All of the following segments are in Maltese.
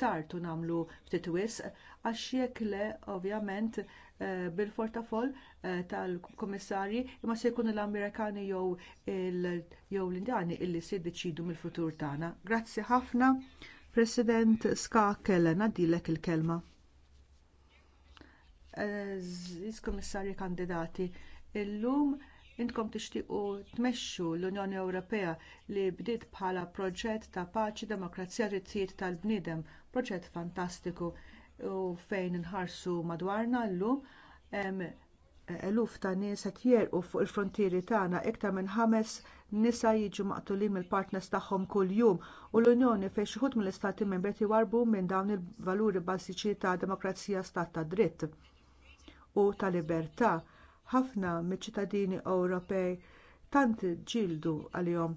Tartu namlu nagħmlu ftit wisq għax jekk le ovvjament eh, bil fortafol eh, tal-komissarji imma se jkunu l-Amerikani jew l-Indjani illi se jiddeċidu mill-futur tagħna. Grazzi ħafna, President Ska Kellen, għaddilek il-kelma. Eh, kandidati, illum Intkom tixtiequ tmexxu l-Unjoni Ewropea li bdiet bħala proġett ta' paċi, demokrazija, drittijiet tal-bniedem, proġett fantastiku u fejn inħarsu madwarna llum hemm eluf ta' nies qed jerqu fuq il-frontieri tagħna iktar minn ħames nisa jiġu maqtulin mill-partners tagħhom kuljum u l-Unjoni fejn xi wħud mill-istati membri warbu minn dawn il-valuri bażiċi ta' demokrazija stat ta' dritt u ta' libertà ħafna miċ-ċittadini Ewropej tant ġildu għalihom.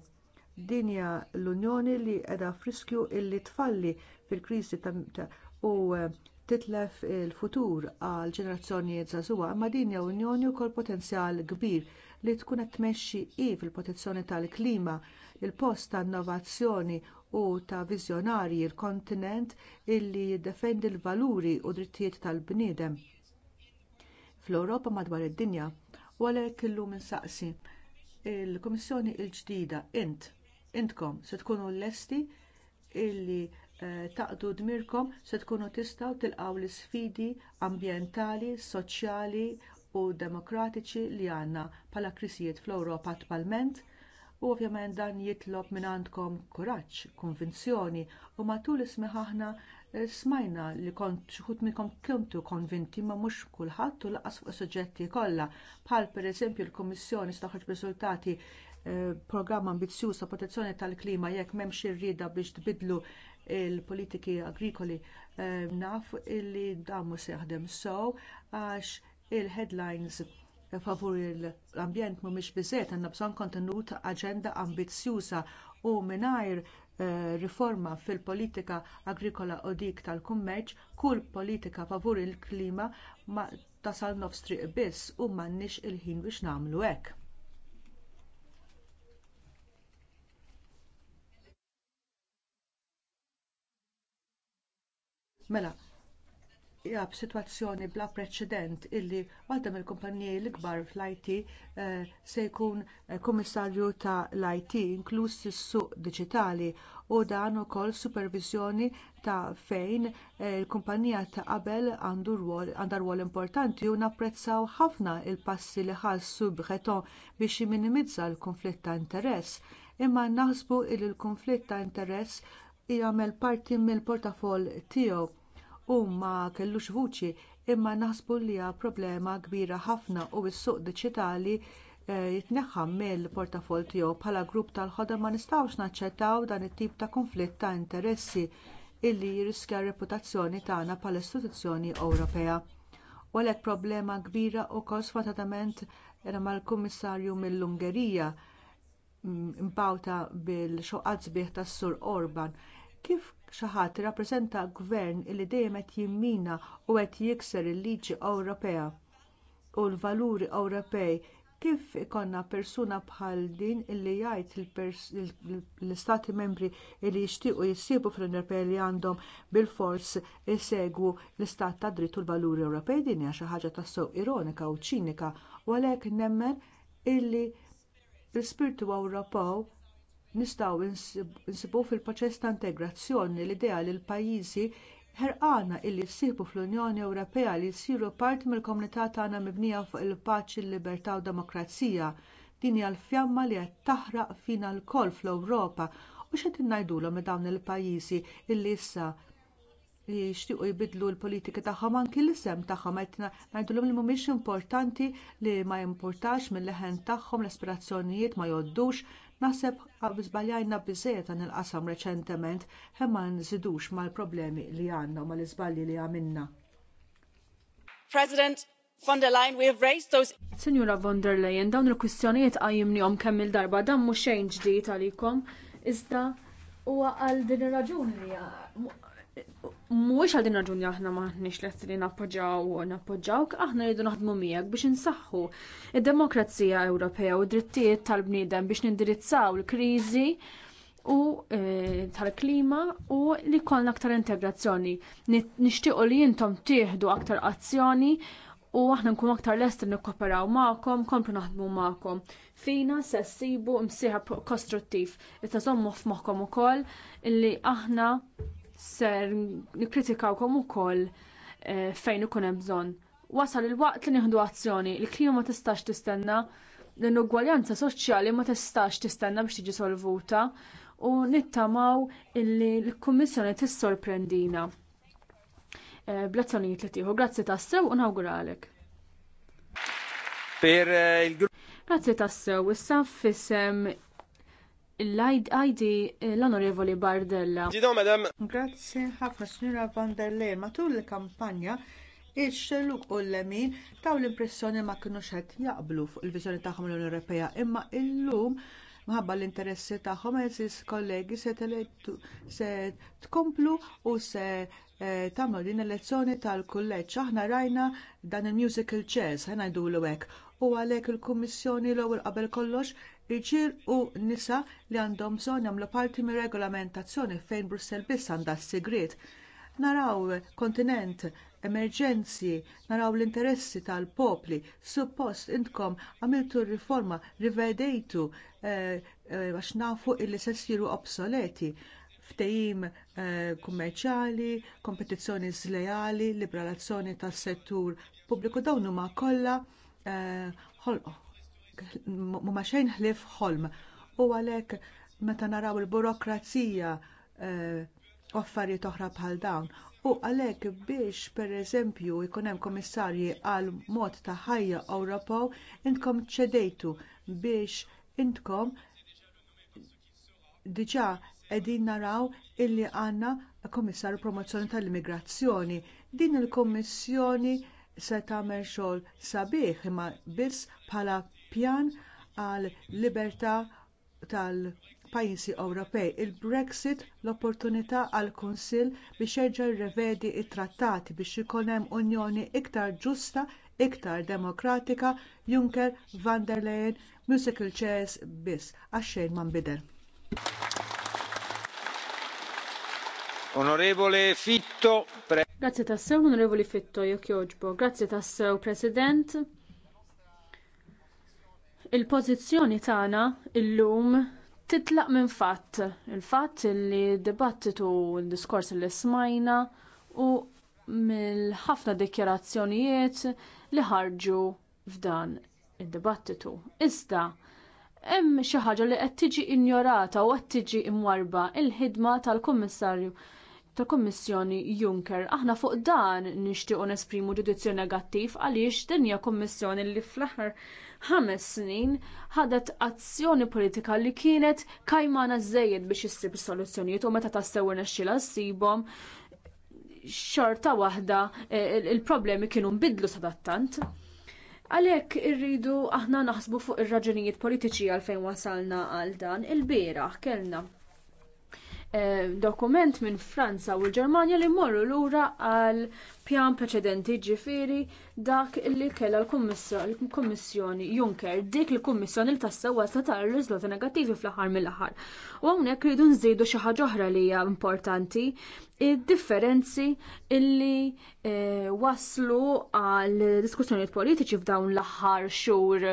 Din hija l-Unjoni li qiegħda friskju illi tfalli fil-kriżi u eh, titlef il-futur għal ġenerazzjonijiet żagħżugħa, imma din hija Unjoni wkoll potenzjal kbir li tkun qed tmexxi i fil-protezzjoni tal-klima, il-post ta' innovazzjoni u ta' viżjonarji l-kontinent illi jiddefendi l-valuri u d drittijiet tal-bniedem fl-Ewropa madwar id-dinja. U għalhekk illum insaqsi il-Kummissjoni l-ġdida int intkom se tkunu lesti illi eh, taqdu dmirkom se tkunu tistgħu tilqgħu l isfidi ambjentali, soċjali u demokratiċi li għandna bħala krisijiet fl-Ewropa tpalment u ovvjament dan jitlob minn għandkom kuraġġ, konvinzjoni u matul ismeħ aħna smajna li kont xuħut minnkom konvinti ma mhux kulħadd u laqas fuq suġġetti kollha bħal pereżempju l-Kummissjoni staħħoġ riżultati eh, programm ambizzjuż ta' protezzjoni tal-klima jekk m'hemmx irrieda biex tbidlu l politiki agrikoli eh, naf illi dan mhux jaħdem għax il-headlines favur l-ambjent mhumiex biżżejjed għandna bżonn kontenut aġenda ambizzjuża u mingħajr Eh, riforma fil-politika agrikola u dik tal-kummerċ, kull politika favur il-klima ma tasal nofs triq biss u m'għandniex il-ħin biex nagħmlu hekk. Mela, jgħab sitwazzjoni bla preċedent illi waħda mill kumpaniji l ikbar fl-IT eh, se jkun eh, kummissarju ta' l-IT inkluż is-suq diġitali u dan ukoll superviżjoni ta' fejn il-kumpanija eh, ta' qabel għandha rwol importanti u napprezzaw ħafna il passi li ħassu Breton biex jiminimizza l-konflitt ta' interess imma naħsbu li l-konflitt ta' interess jagħmel parti mill portafoll tiegħu u ma kellux vuċi imma naħsbu li hija problema kbira ħafna u s-suq diġitali eh, jitneħħam mill-portafol tiegħu bħala grupp tal-ħodar ma nistgħux naċċettaw dan it-tip ta' konflitt ta' interessi illi jiriskja r-reputazzjoni tagħna bħala istituzzjoni Ewropea. U għalhekk problema kbira wkoll sfatatament era mal-Kummissarju mill-Ungerija mm, mbawta bil-xoqqat sbieħ tas-Sur Orban. Kif xi ħadd irrappreżenta gvern li dejjem qed jimmina u qed jikser il-liġi Ewropea u l-valuri Ewropej kif ikonna persuna bħal din illi jgħid l-istati membri li jixtiequ jissibu fl-Unjoni Ewropea li għandhom bilfors isegwu l-istat ta' dritt u l-valuri Ewropej din hija xi ħaġa tassew ironika u ċinika u għalhekk nemmen illi l-ispirtu Ewropew nistgħu insibu fil-proċess ta' integrazzjoni l-idea li l-pajjiżi ħerqana illi jsibu fl-Unjoni Ewropea li jsiru parti mill-komunità tagħna mibnija fuq il-paċi, l-libertà u demokrazija. Din hija l-fjamma li qed taħraq fina lkoll fl-Ewropa u x'qed ngħidulhom dawn il-pajjiżi illi issa li jixtiequ jbidlu l-politika tagħhom anki l-isem tagħhom qed ngħidulhom li mhumiex importanti li ma jimpurtax mill-leħen tagħhom l-aspirazzjonijiet ma jgħoddux Naħseb żbaljajna biżżejjed għan il-qasam reċentement ma nżidux mal-problemi li għandna u mal-iżbalji li għamilna. President von der Leyen, we have raised those... Signora von der Leyen, dawn il-kwistjonijiet għajimnihom kemm il-darba, dan mhux xejn ġdid għalikom, iżda huwa għal din ir-raġuni mux għal din raġuni aħna m'aħniex lest li u nappoġawk, aħna rridu naħdmu miegħek biex insaħħu id-demokrazija Ewropea u drittijiet tal-bniedem biex nindirizzaw il-kriżi u e, tal-klima u li kollna aktar integrazzjoni. Nixtiequ li jintom tieħdu aktar azzjoni u aħna nkun aktar lest nikkoperaw magħkom, komplu naħdmu magħkom. Fina se ssibu msieħab kostruttiv. Itta żommu f'moħħkom ukoll illi aħna ser kom ukoll eh, fejn ikun hemm bżonn. Wasal il-waqt li nieħdu azzjoni, il-klima ma tistax tistenna, l-inugwaljanza soċjali ma tistax tistenna biex tiġi solvuta u nittamaw illi l-Kummissjoni tissorprendina. Eh, blazzjonijiet li tieħu, grazzi tassew u nawguralek. Per eh, Grazzi tassew, issa fissem l-ID l-Onorevoli Bardella. madam. Grazzi ħafna Sinjura van der Leyen. Matul il-kampanja il-xelluk u l-lemin taw l-impressjoni ma kinux qed jaqblu fuq il-viżjoni tagħhom l-Unjoni Ewropea, imma illum minħabba l-interessi tagħhom eżis kollegi se tkomplu u se eh, tagħmlu din elezzjoni tal-kulleġġ. Aħna rajna dan il-musical chairs, ħana jdulu hekk. U għalek il-Kummissjoni l-ewwel qabel kollox irġiel u nisa li għandhom bżonn jagħmlu parti mir regolamentazzjoni fejn Brussel biss għandha s-sigriet. Naraw kontinent emerġenzi, naraw l-interessi tal-popli, suppost intkom għamiltu riforma, rivedejtu eh, eh, għax eh, nafu illi se siru obsoleti ftehim eh, kummerċjali, kompetizzjoni zlejali, liberalizzazzjoni tas-settur pubbliku dawn huma kollha eh, ma xejn ħlief ħolm. U għalhekk meta naraw il-burokrazija u eh, affarijiet oħra bħal dawn. U għalhekk biex pereżempju jkun hemm kummissarji għal mod ta' ħajja Ewropew intkom ċedejtu biex intkom diġà qegħdin naraw illi għandna komissarju promozzjoni tal-immigrazzjoni. Din il kummissjoni se tagħmel xogħol sabiħ imma biss bħala pjan għal libertà tal-pajjiżi Ewropej. Il-Brexit l-opportunità għall kunsill biex jerġa' jirrevedi t trattati biex ikun hemm Unjoni iktar ġusta, iktar demokratika, Juncker, van der Leyen, musical chairs biss, għaxxejn ma nbidel. Onorevole Fitto, pre... Grazie tassew, onorevoli Fitto, jekk Grazie tassew, President il-pożizzjoni tagħna llum titlaq minn fatt, il-fatt li dibattitu l-diskors li smajna u mill-ħafna dikjarazzjonijiet li ħarġu f'dan id-dibattitu. Iżda, hemm xi ħaġa li qed tiġi injorata u qed tiġi imwarba il-ħidma tal-Kummissarju tal-Kummissjoni Juncker. Aħna fuq dan nixtiequ nesprimu ġudizzju negattiv għaliex din hija kummissjoni li fl-aħħar ħames snin ħadet azzjoni politika li kienet kajmana żejjed biex issib soluzzjonijiet u meta tassew nexxila ssibhom xorta waħda e, il-problemi kienu nbidlu sadattant. Għalhekk irridu aħna naħsbu fuq ir-raġunijiet politiċi għalfejn wasalna għal dan il-bieraħ kellna e, dokument minn Franza u l-Ġermanja li mmorru lura għal pjan preċedenti ġifiri dak li kellha l-Kummissjoni Juncker, dik il-Kummissjoni li tassa wasla tara riżultati negattivi fl-aħħar mill-aħħar. U hawnhekk rridu nżidu xi ħaġa oħra li hija importanti, id-differenzi illi eh, waslu għal diskussjonijiet politiċi f'dawn l-aħħar xhur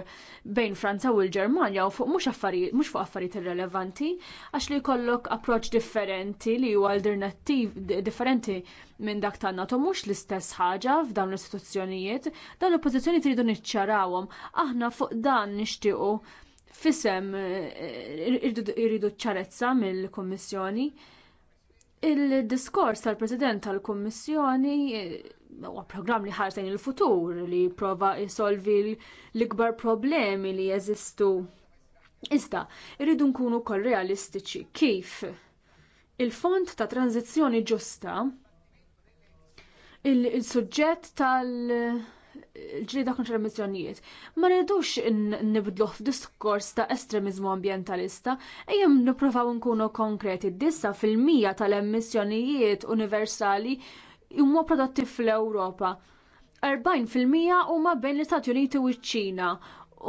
bejn Franza u l-Ġermanja u fuq mhux affarijiet mhux fuq affarijiet irrelevanti għax li jkollok approċċ differenti li huwa alternattiv differenti minn dak tanna to mhux l-istess ħaġa f'dawn l-istituzzjonijiet, dawn l-oppożizzjoni tridu niċċarawhom. Aħna fuq dan nixtiequ fisem eh, irridu ċarezza mill-Kummissjoni. Il-diskors tal-President tal-Kummissjoni eh, huwa programm li ħarsejn il-futur li jipprova jsolvi l-ikbar problemi li jeżistu. Iżda, irridu nkunu wkoll realistiċi kif il-fond ta' tranzizzjoni ġusta il-suġġett tal- ġrida kontra l-emissjonijiet. Ma rridux nibdluħ f'diskors ta' estremizmu ambientalista, ejjem nipprovaw nkunu konkreti. Dissa fil-mija tal-emissjonijiet universali huma prodotti fl-Ewropa. 40% huma bejn l-Istati Uniti u ċ-Ċina.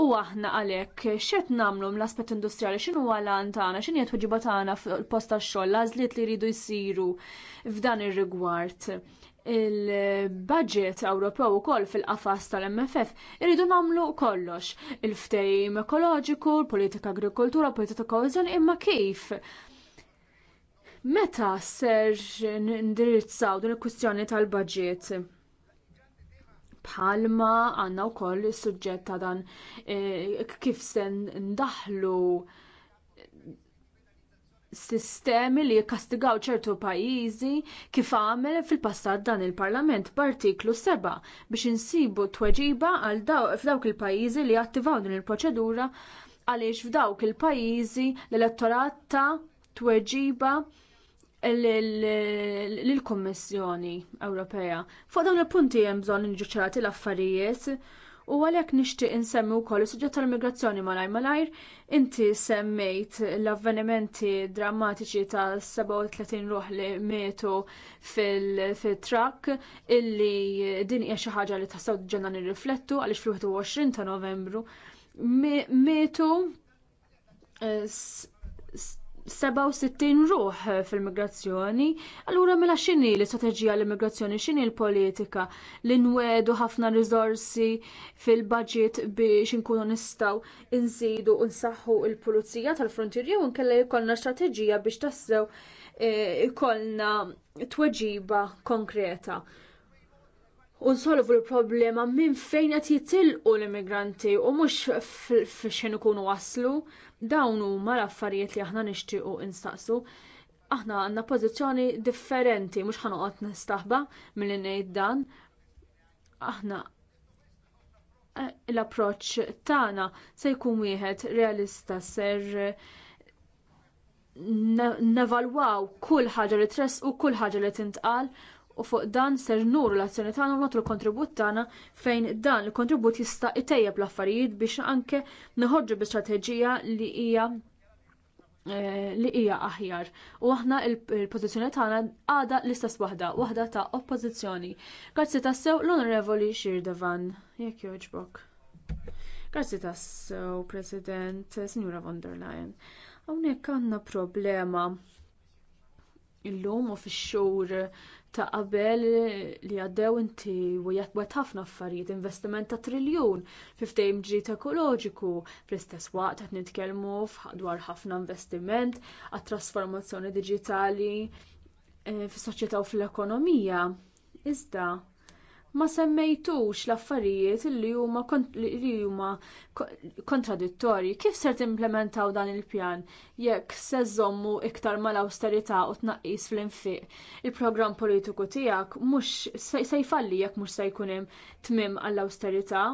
U aħna għalek, xet namlu mill-aspet industrijali, xinu għalan tagħna xin jgħet tagħna fil-posta xogħol, lażliet li jridu jsiru f'dan ir-rigward il-budget Ewropew ukoll fil-qafas tal-MFF irridu nagħmlu kollox il ftehim ekoloġiku, politika agrikoltura, politika kożjoni imma kif. Meta ser nindirizzaw din il-kwistjoni tal-budget? Bħalma għandna wkoll is-suġġett ta' dan eh, kif se ndaħlu sistemi li jikkastigaw ċertu pajjiżi kif għamel fil-passat dan il-Parlament b'artiklu 7 biex insibu tweġiba għal f'dawk il-pajjiżi li attivaw din il-proċedura għaliex f'dawk il-pajjiżi l-elettorat ta' tweġiba lill kummissjoni Ewropea. Fuq dawn il-punti hemm bżonn inġuċċrati l-affarijiet u għalhekk nixtieq insemmi wkoll is-suġġett tal-migrazzjoni malaj malajr inti semmejt l-avvenimenti drammatiċi ta' 37 ruħ li mietu fil track illi din hija xi ħaġa li tassew ġenna nirriflettu għaliex fil-21 ta' Novembru Metu. Eh, 67 ruħ fil-migrazzjoni, allura mela x'inhi l-istrateġija l-immigrazzjoni, x'inhi l-politika li nwedu ħafna riżorsi fil-budget biex inkunu nistgħu nżidu u nsaħħu l-pulizija tal frontier u nkella jkollna strateġija biex tassew eh, ikollna tweġiba konkreta u nsolvu l-problema minn fejn qed jitilqu l-immigranti u mhux fixin ikunu waslu dawn huma l-affarijiet li aħna nixtiequ instaqsu. Aħna għandna pożizzjoni differenti mhux ħanoqgħod nistaħba milli ngħid dan. Aħna eh, l-approċċ tagħna se jkun wieħed realista ser nevalwaw kull ħaġa li tress u kull ħaġa li tintqal u fuq dan ser nuru l-azzjoni tagħna u nagħtu l-kontribut tagħna fejn dan il-kontribut jista' itejjeb l-affarijiet biex anke noħorġu bi strateġija li hija eh, li hija aħjar. U aħna il-pożizzjoni tagħna għadha l-istess waħda, waħda ta' oppożizzjoni. Grazzi tassew l-Onorevoli Shirdevan. Jekk jogħġbok. Grazzi tassew, President, Signora von der Leyen. Hawnhekk għandna problema illum u fix-xhur ta' qabel li għaddew inti wet ħafna affarijiet investiment ta' triljun fi ftehim ekoloġiku fl-istess waqt qed nitkellmu dwar ħafna investiment għat trasformazzjoni diġitali eh, fis-soċjetà u fl-ekonomija. Iżda ma semmejtux l-affarijiet li huma kontradittorji. Kif ser timplementaw dan il-pjan jekk se żommu iktar mal-awsterità u tnaqqis fl-infiq? Il-programm politiku tiegħek mhux se jfalli jekk mhux se jkun hemm tmiem għall-awsterità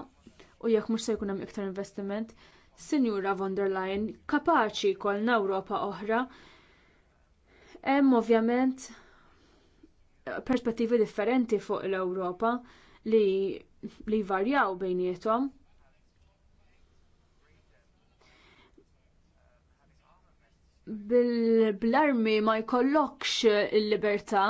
u jekk mhux se jkun hemm iktar investiment. Sinjura von der Leyen, kapaċi jkollna Ewropa oħra. Hemm ovvjament perspettivi differenti fuq l-Ewropa li, li varjaw bejnietom. Bil-armi ma jkollokx il-libertà,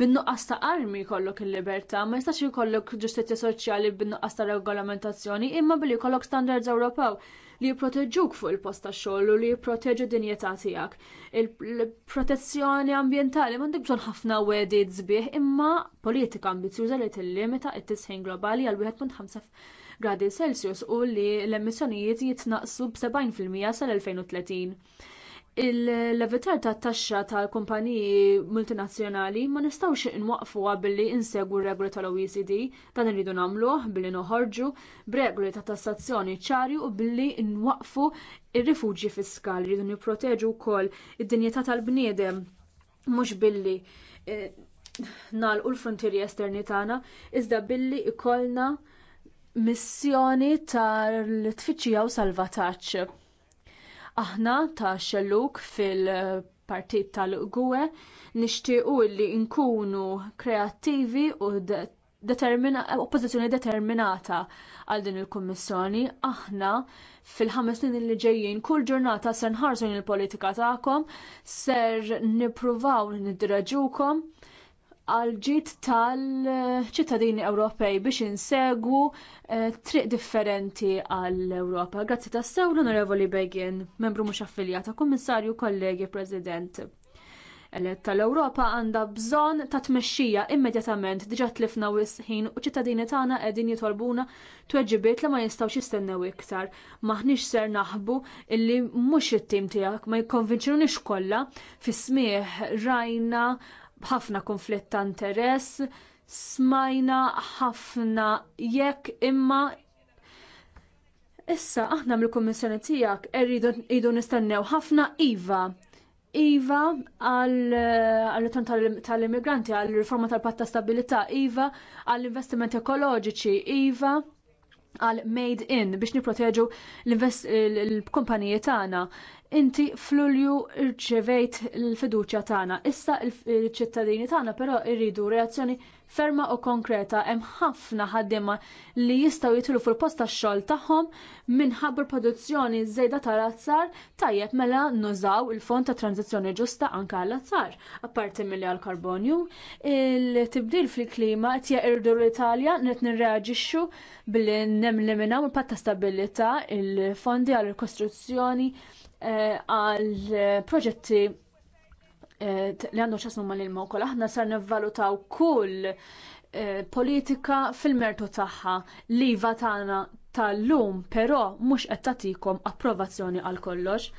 bin-nuqqas ta' armi jkollok il-libertà, ma jistax jkollok ġustizzja soċjali bin-nuqqas ta' regolamentazzjoni, imma billi jkollok standards Ewropew li jipproteġġuk fuq il-post ta' xogħol u li jipproteġu dinjetà tiegħek. Il-protezzjoni ambjentali m'għandek bżonn ħafna wedid sbieħ imma politika ambizjuża li tillimita t-tisħin globali għal 1.5 gradi Celsius u li l-emissjonijiet jitnaqsu b'70% sal-2030 il-levitar ta' taxxa tal-kumpaniji multinazzjonali ma nistgħux inwaqfuha billi insegwu regoli tal-OECD dan irridu nagħmluh billi noħorġu b'regoli ta' tassazzjoni ċari u billi nwaqfu ir-rifuġi fiskali rridu nipproteġu wkoll id-dinjità tal-bniedem mhux billi eh, nagħlqu l-frontieri esterni tagħna iżda billi ikollna missjoni tal-tfittxija u salvataġġ. Aħna ta' xelluk fil-partit tal-Gwe nixtiequ li nkunu kreattivi u determina, eh, oppożizzjoni determinata għal din il-Kummissjoni, aħna fil-ħames snin li ġejjin kull ġurnata ser nħarsu il-politika tagħkom, ser nippruvaw nidraġukom għal ġid tal-ċittadini Ewropej biex insegwu eh, triq differenti għall-Ewropa. Grazzi ta' sew l-Onorevoli Begin, membru mhux affiljata, Kummissarju, kollegi, President. Elett tal-Ewropa għandha bżonn ta' tmexxija immedjatament diġà tlifna wisħin u ċittadini tagħna qegħdin jitolbuna tweġibiet li ma jistgħux jistennew iktar. Maħniex ser naħbu illi mhux it-tim tiegħek ma jikkonvinċunix kollha fis-smieħ rajna ħafna konflitt ta' interess, smajna ħafna jekk imma Issa aħna mill-Kummissjoni tiegħek irridu nistennew ħafna iva. Iva għal ritorn tal-immigranti, għal-riforma tal-patta stabilità, Iva għall-investimenti ekoloġiċi, Iva għal made in biex niproteġu l-kumpaniji tagħna. Inti flulju rċevejt l-fiduċja tagħna. Issa l-ċittadini tagħna però rridu reazzjoni ferma u konkreta hemm ħafna ħaddiema li jistgħu jitlu fil-post tax-xogħol tagħhom minħabba produzzjoni żejda tal-azzar tajjeb mela nużaw il-fond ta' tranzizzjoni ġusta anke għall-azzar. Apparti milli għall-karbonju, il-tibdil fil-klima qed jeqirdu l-Italja qed nirreaġixxu billi nemliminaw il-patt ta' stabilità il-fondi għall-kostruzzjoni eh, għal proġetti Eh, li għandu ċasnu ma l-ilma u aħna sar nevvalutaw kull eh, politika fil-mertu tagħha li vatana tal-lum, però mhux qed tagħtikom approvazzjoni għal kollox.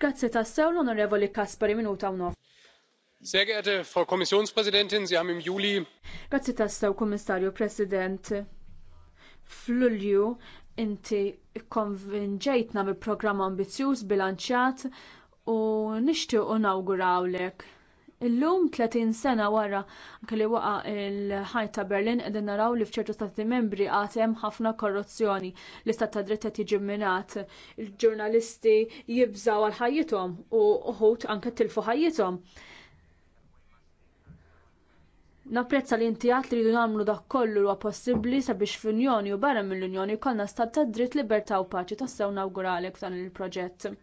Grazzi tassew l-Onorevoli Kaspari minuta u nof. Sehr geehrte Frau Kommissionspräsidentin, Sie haben im Juli. Grazzi tassew, Kommissarju President. F'Lulju inti konvinġejtna bi programm ambizjuż bilanċjat u nixtiequ nawgurawlek. Illum 30 sena wara anke li waqa il-ħajt ta' Berlin qegħdin naraw li f'ċertu stati membri għad hemm ħafna korruzzjoni li stat ta' dritt qed jiġi minat. Il-ġurnalisti jibżaw għal ħajjithom u uħud anke tilfu ħajjithom. Napprezza li inti għat li nagħmlu dak kollu huwa possibbli sabiex fl-Unjoni u barra mill-Unjoni jkollna stat ta' dritt libertà u paċi tassew nawguralek f'dan il-proġett.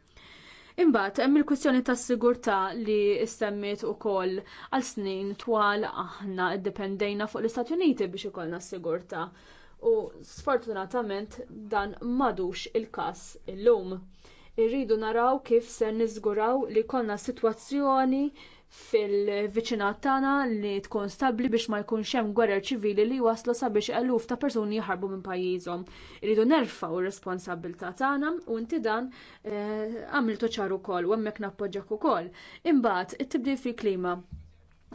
Imbagħad hemm il-kwistjoni tas-sigurtà li stemmiet ukoll għal snin twal aħna ddependejna fuq l-Istati Uniti biex ikollna s-sigurtà. U sfortunatament dan m'għadux il-każ illum. Irridu naraw kif se niżguraw li jkollna sitwazzjoni fil-viċinat tagħna li tkun stabbli biex ma jkunx hemm gwerer ċivili li waslu sabiex eluf ta' persuni jħarbu minn pajjiżhom. Iridu nerfgħu r-responsabilità tagħna u inti dan eh, għamiltu ċar ukoll u hemmhekk nappoġġjak ukoll. Imbagħad it-tibdil fil-klima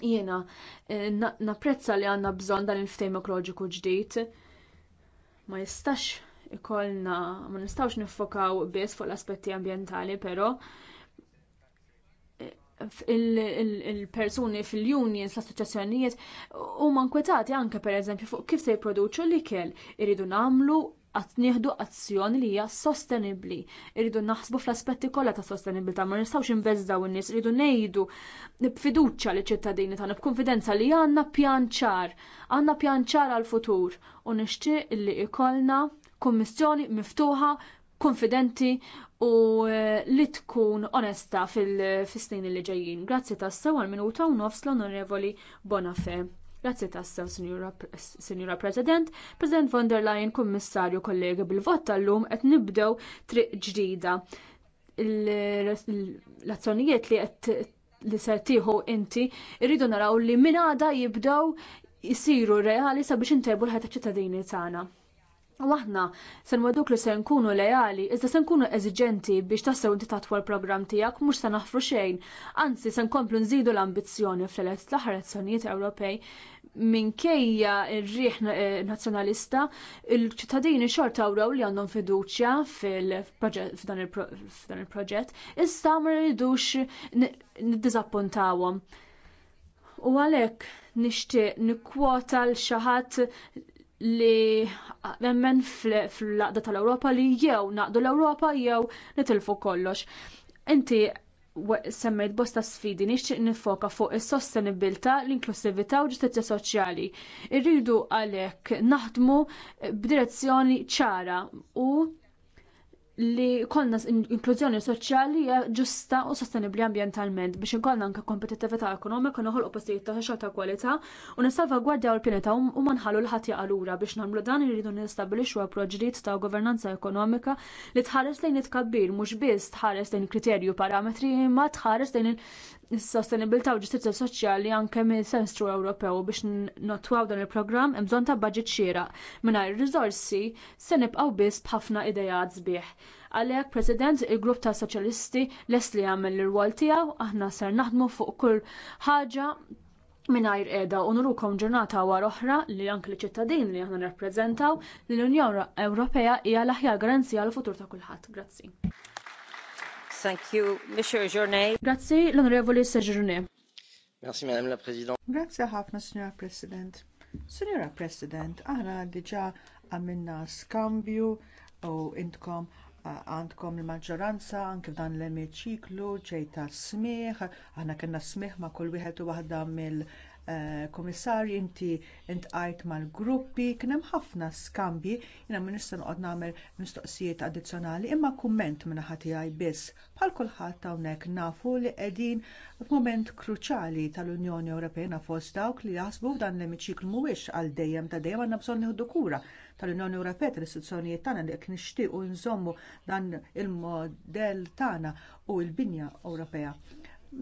jiena eh, napprezza li għandna bżonn dan il-ftehim ekoloġiku ġdid. Ma jistax ikollna ma nistgħux niffokaw biss fuq l-aspetti ambjentali, però il-persuni fil-unions, l-assoċjazzjonijiet, huma nkwetati anke pereżempju fuq kif se jipproduċu l-ikel. Iridu namlu għat nieħdu azzjoni li hija sostenibbli. Iridu naħsbu fl-aspetti kollha ta' sostenibilità, ma nistgħux inbeżdaw in-nies, iridu ngħidu b'fiduċja liċ ċittadini tagħna b'konfidenza li għandna pjan ċar, għandna pjan ċar għall-futur u nixtieq li jkollna kummissjoni miftuħa konfidenti u eh, li tkun onesta fil-snin li ġejjin. Grazzi tassew għal minuta u nofs l-onorevoli Bonafè. Grazzi tassew, Sinjura President, President von der Leyen, Kummissarju, kollegi, bil-vot tal-lum qed nibdew triq ġdida. L-azzjonijiet li qed li ser tieħu inti irridu naraw li minn għada jibdew jisiru reali sabiex intebu l-ħajta ċittadini tagħna. U aħna se nwedduk li se nkunu lejali, iżda se nkunu eżiġenti biex tassew inti tatwa l-programm tiegħek mhux se naħfru xejn, anzi se nkomplu nżidu l-ambizzjoni fl-elezz l-aħħar elezzjonijiet Ewropej minkejja r riħ eh, nazzjonalista, il-ċittadini xorta wraw li għandhom fiduċja f'dan il-proġett, issa ma rridux niddiżappuntawhom. U għalhekk nixtieq nikkwota l xaħat li nemmen fl-laqda tal-Ewropa li jew naqdu l-Ewropa jew nitilfu kollox. Inti semmejt bosta sfidi nixtieq nifoka fuq is-sostenibilità, l-inklusività u ġustizzja soċjali. Irridu għalhekk naħdmu b'direzzjoni ċara u li kollna inklużjoni soċjali ġusta u sostenibbli ambjentalment biex inkollna anke kompetittività ekonomika noħolqu postijiet ta' xogħol ta' kwalità u nissalvagwardjaw il-pjaneta u ma nħallu l ħatja jaqalura biex nagħmlu dan irridu nistabbilixxu ġdid ta' governanza ekonomika li tħares lejn it-tkabbir mhux biss tħares lejn kriterju parametri imma tħares lejn is-sostenibilità u ġustizzja soċjali anke mill sensru Ewropew biex notwaw dan il-programm hemm bżonn ta' baġit xieraq. Mingħajr riżorsi se nibqgħu biss b'ħafna idejat sbieħ. Għalhekk President il-grupp ta' Soċjalisti les li jagħmel l-irwol tiegħu aħna ser naħdmu fuq kull ħaġa mingħajr qiegħda u nurukom ġurnata war oħra li anke l ċittadin li aħna nirrappreżentaw lill l-Unjoni Ewropea hija l-aħjar garanzija għal futur ta' kulħadd. Grazzi. Thank you, Monsieur Journey. Grazzi, l'onorevole onorevoli Sejourné. Merci, Madame la Présidente. Grazzi ħafna, Signora President. Signora President, aħna diġa għamilna skambju u intkom għandkom il-maġġoranza anke f'dan l-emiċiklu ċejta smieħ, għana kellna smieħ ma' kull wieħed u waħda mill- Eh, komissarju, inti intqajt mal-gruppi, kien hemm ħafna skambji, jiena ma nista' noqgħod nagħmel mistoqsijiet addizzjonali, imma kumment minn tiegħi biss. Bħal kulħadd hawnhekk nafu li qegħdin f'mument kruċjali tal-Unjoni Ewropea fost dawk li jaħsbu dan l-emiċiklu mhuwiex għal dejjem ta' dejjem għandna bżonn nieħdu kura tal-Unjoni Ewropea tal-istituzzjonijiet tagħna li qed nixtiequ nżommu dan il-modell tagħna u l-binja Ewropea.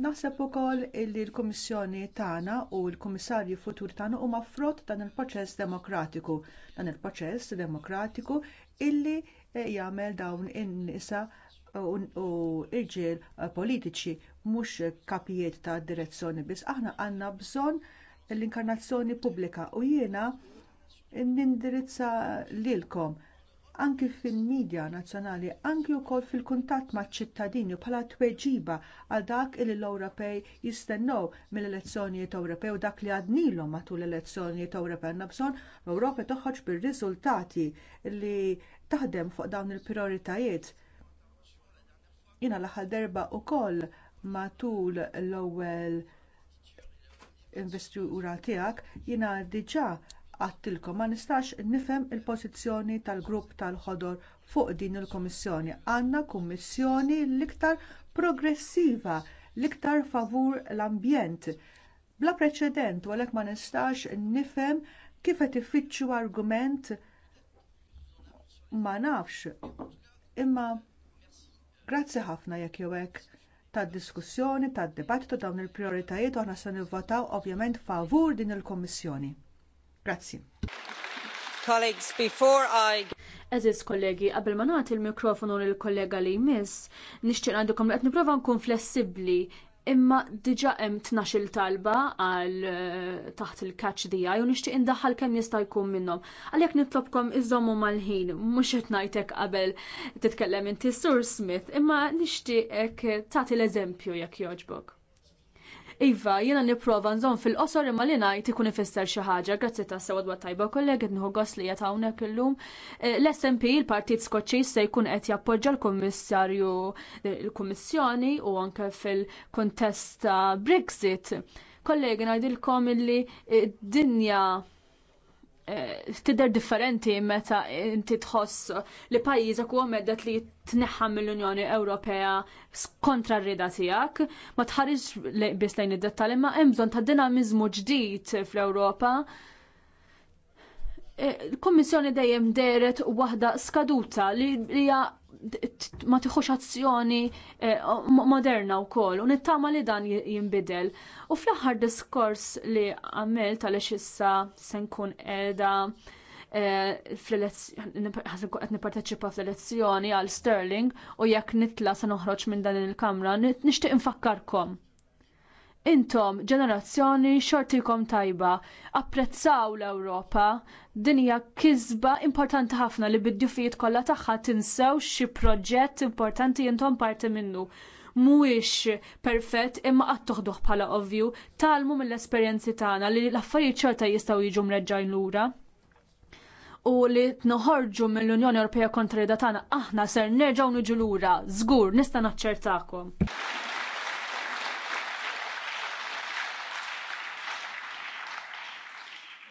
Naħseb ukoll li l-Kummissjoni tagħna u l kummissarju Futur tagħna huma frott dan il-proċess demokratiku, dan il-proċess demokratiku illi eh, jagħmel dawn in-nisa u irġiel eh, politiċi mhux kapijiet ta' direzzjoni biss aħna għandna bżonn l-inkarnazzjoni pubblika u jiena nindirizza lilkom anki fil-medja nazzjonali, anki wkoll fil-kuntatt maċ ċittadini bħala tweġiba għal dak il l-Ewropej jistennew mill-elezzjonijiet Ewropej u dak li għadnilhom matul l-elezzjonijiet Ewropej għandna bżonn l-Ewropa toħroġ bir-riżultati li taħdem fuq dawn il-prioritajiet. Jiena l-aħħar darba wkoll matul l-ewwel investitura tiegħek jiena diġà għattilkom ma nistax nifhem il-pożizzjoni tal-grupp tal-ħodor fuq din il-Komissjoni. Għandna kummissjoni l-iktar progressiva, l-iktar favur l-ambjent. Bla preċedent, u għalhekk ma nistax nifhem kif qed ifittxu argument ma nafx. Imma grazzi ħafna jekk jew hekk tad-diskussjoni, tad-dibattitu dawn il-prijoritajiet u aħna se nivvotaw ovvjament favur din il-Kommissjoni. Grazzi. Colleagues, before I... Eżis kollegi, qabel ma nagħti il-mikrofonu lil kollega li jmiss, nixtieq għandukom li qed nipprova nkun flessibbli imma diġa hemm tnax-il talba għal eh, taħt il-catch dija u nixtieq indaħħal kemm jista' jkun minnhom. Għalhekk nitlobkom iżommu mal-ħin, mhux qed ngħidlek qabel titkellem inti Sur Smith, imma nixtieqek tagħti l-eżempju jekk jogħġbok. Iva, jiena nipprova nżomm fil-qosor imma li ngħid ikun ifisser xi ħaġa. Grazzi ta' sewa tajba kollegi nħu gost li jeta' hawnhekk illum. Eh, L-SMP, il-Partit Skoċċiż se jkun qed jappoġġa l-Kummissarju l-Kummissjoni u anke fil kontesta ta' Brexit. Kollegi ngħidilkom illi d-dinja eh, Eh, tider differenti meta inti tħoss li pajjiżek huwa meddet li tneħħam mill-Unjoni Ewropea kontra r-rida tiegħek, ma tħarriġ biss lejn id dettali ma hemm bżonn ta' dinamiżmu ġdid fl-Ewropa. Il-Kommissjoni eh, dejjem deret waħda skaduta li hija ma tiħux azzjoni eh, moderna wkoll u nittama li dan jinbidel. U fl aħħar diskors li għamilt għaliex issa se nkun qiegħda eh, qed nipparteċipa fl-elezzjoni għal Sterling u jekk nitla se noħroġ minn dan il-kamra, nixtieq infakkarkom Intom ġenerazzjoni xortilkom tajba, apprezzaw l-Ewropa, din hija kisba importanti ħafna li bid-dufijiet kollha tagħha tinsew xi proġett importanti intom parti minnu mhuwiex perfett imma qatt toħduh bħala ovvju, talmu mill-esperjenzi tagħna li l-affarijiet ċerta jistgħu jiġu mreġġajn lura. U li noħorġu mill-Unjoni Ewropea kontra tagħna aħna ser nerġgħu niġu lura, żgur nista' naċċertakom.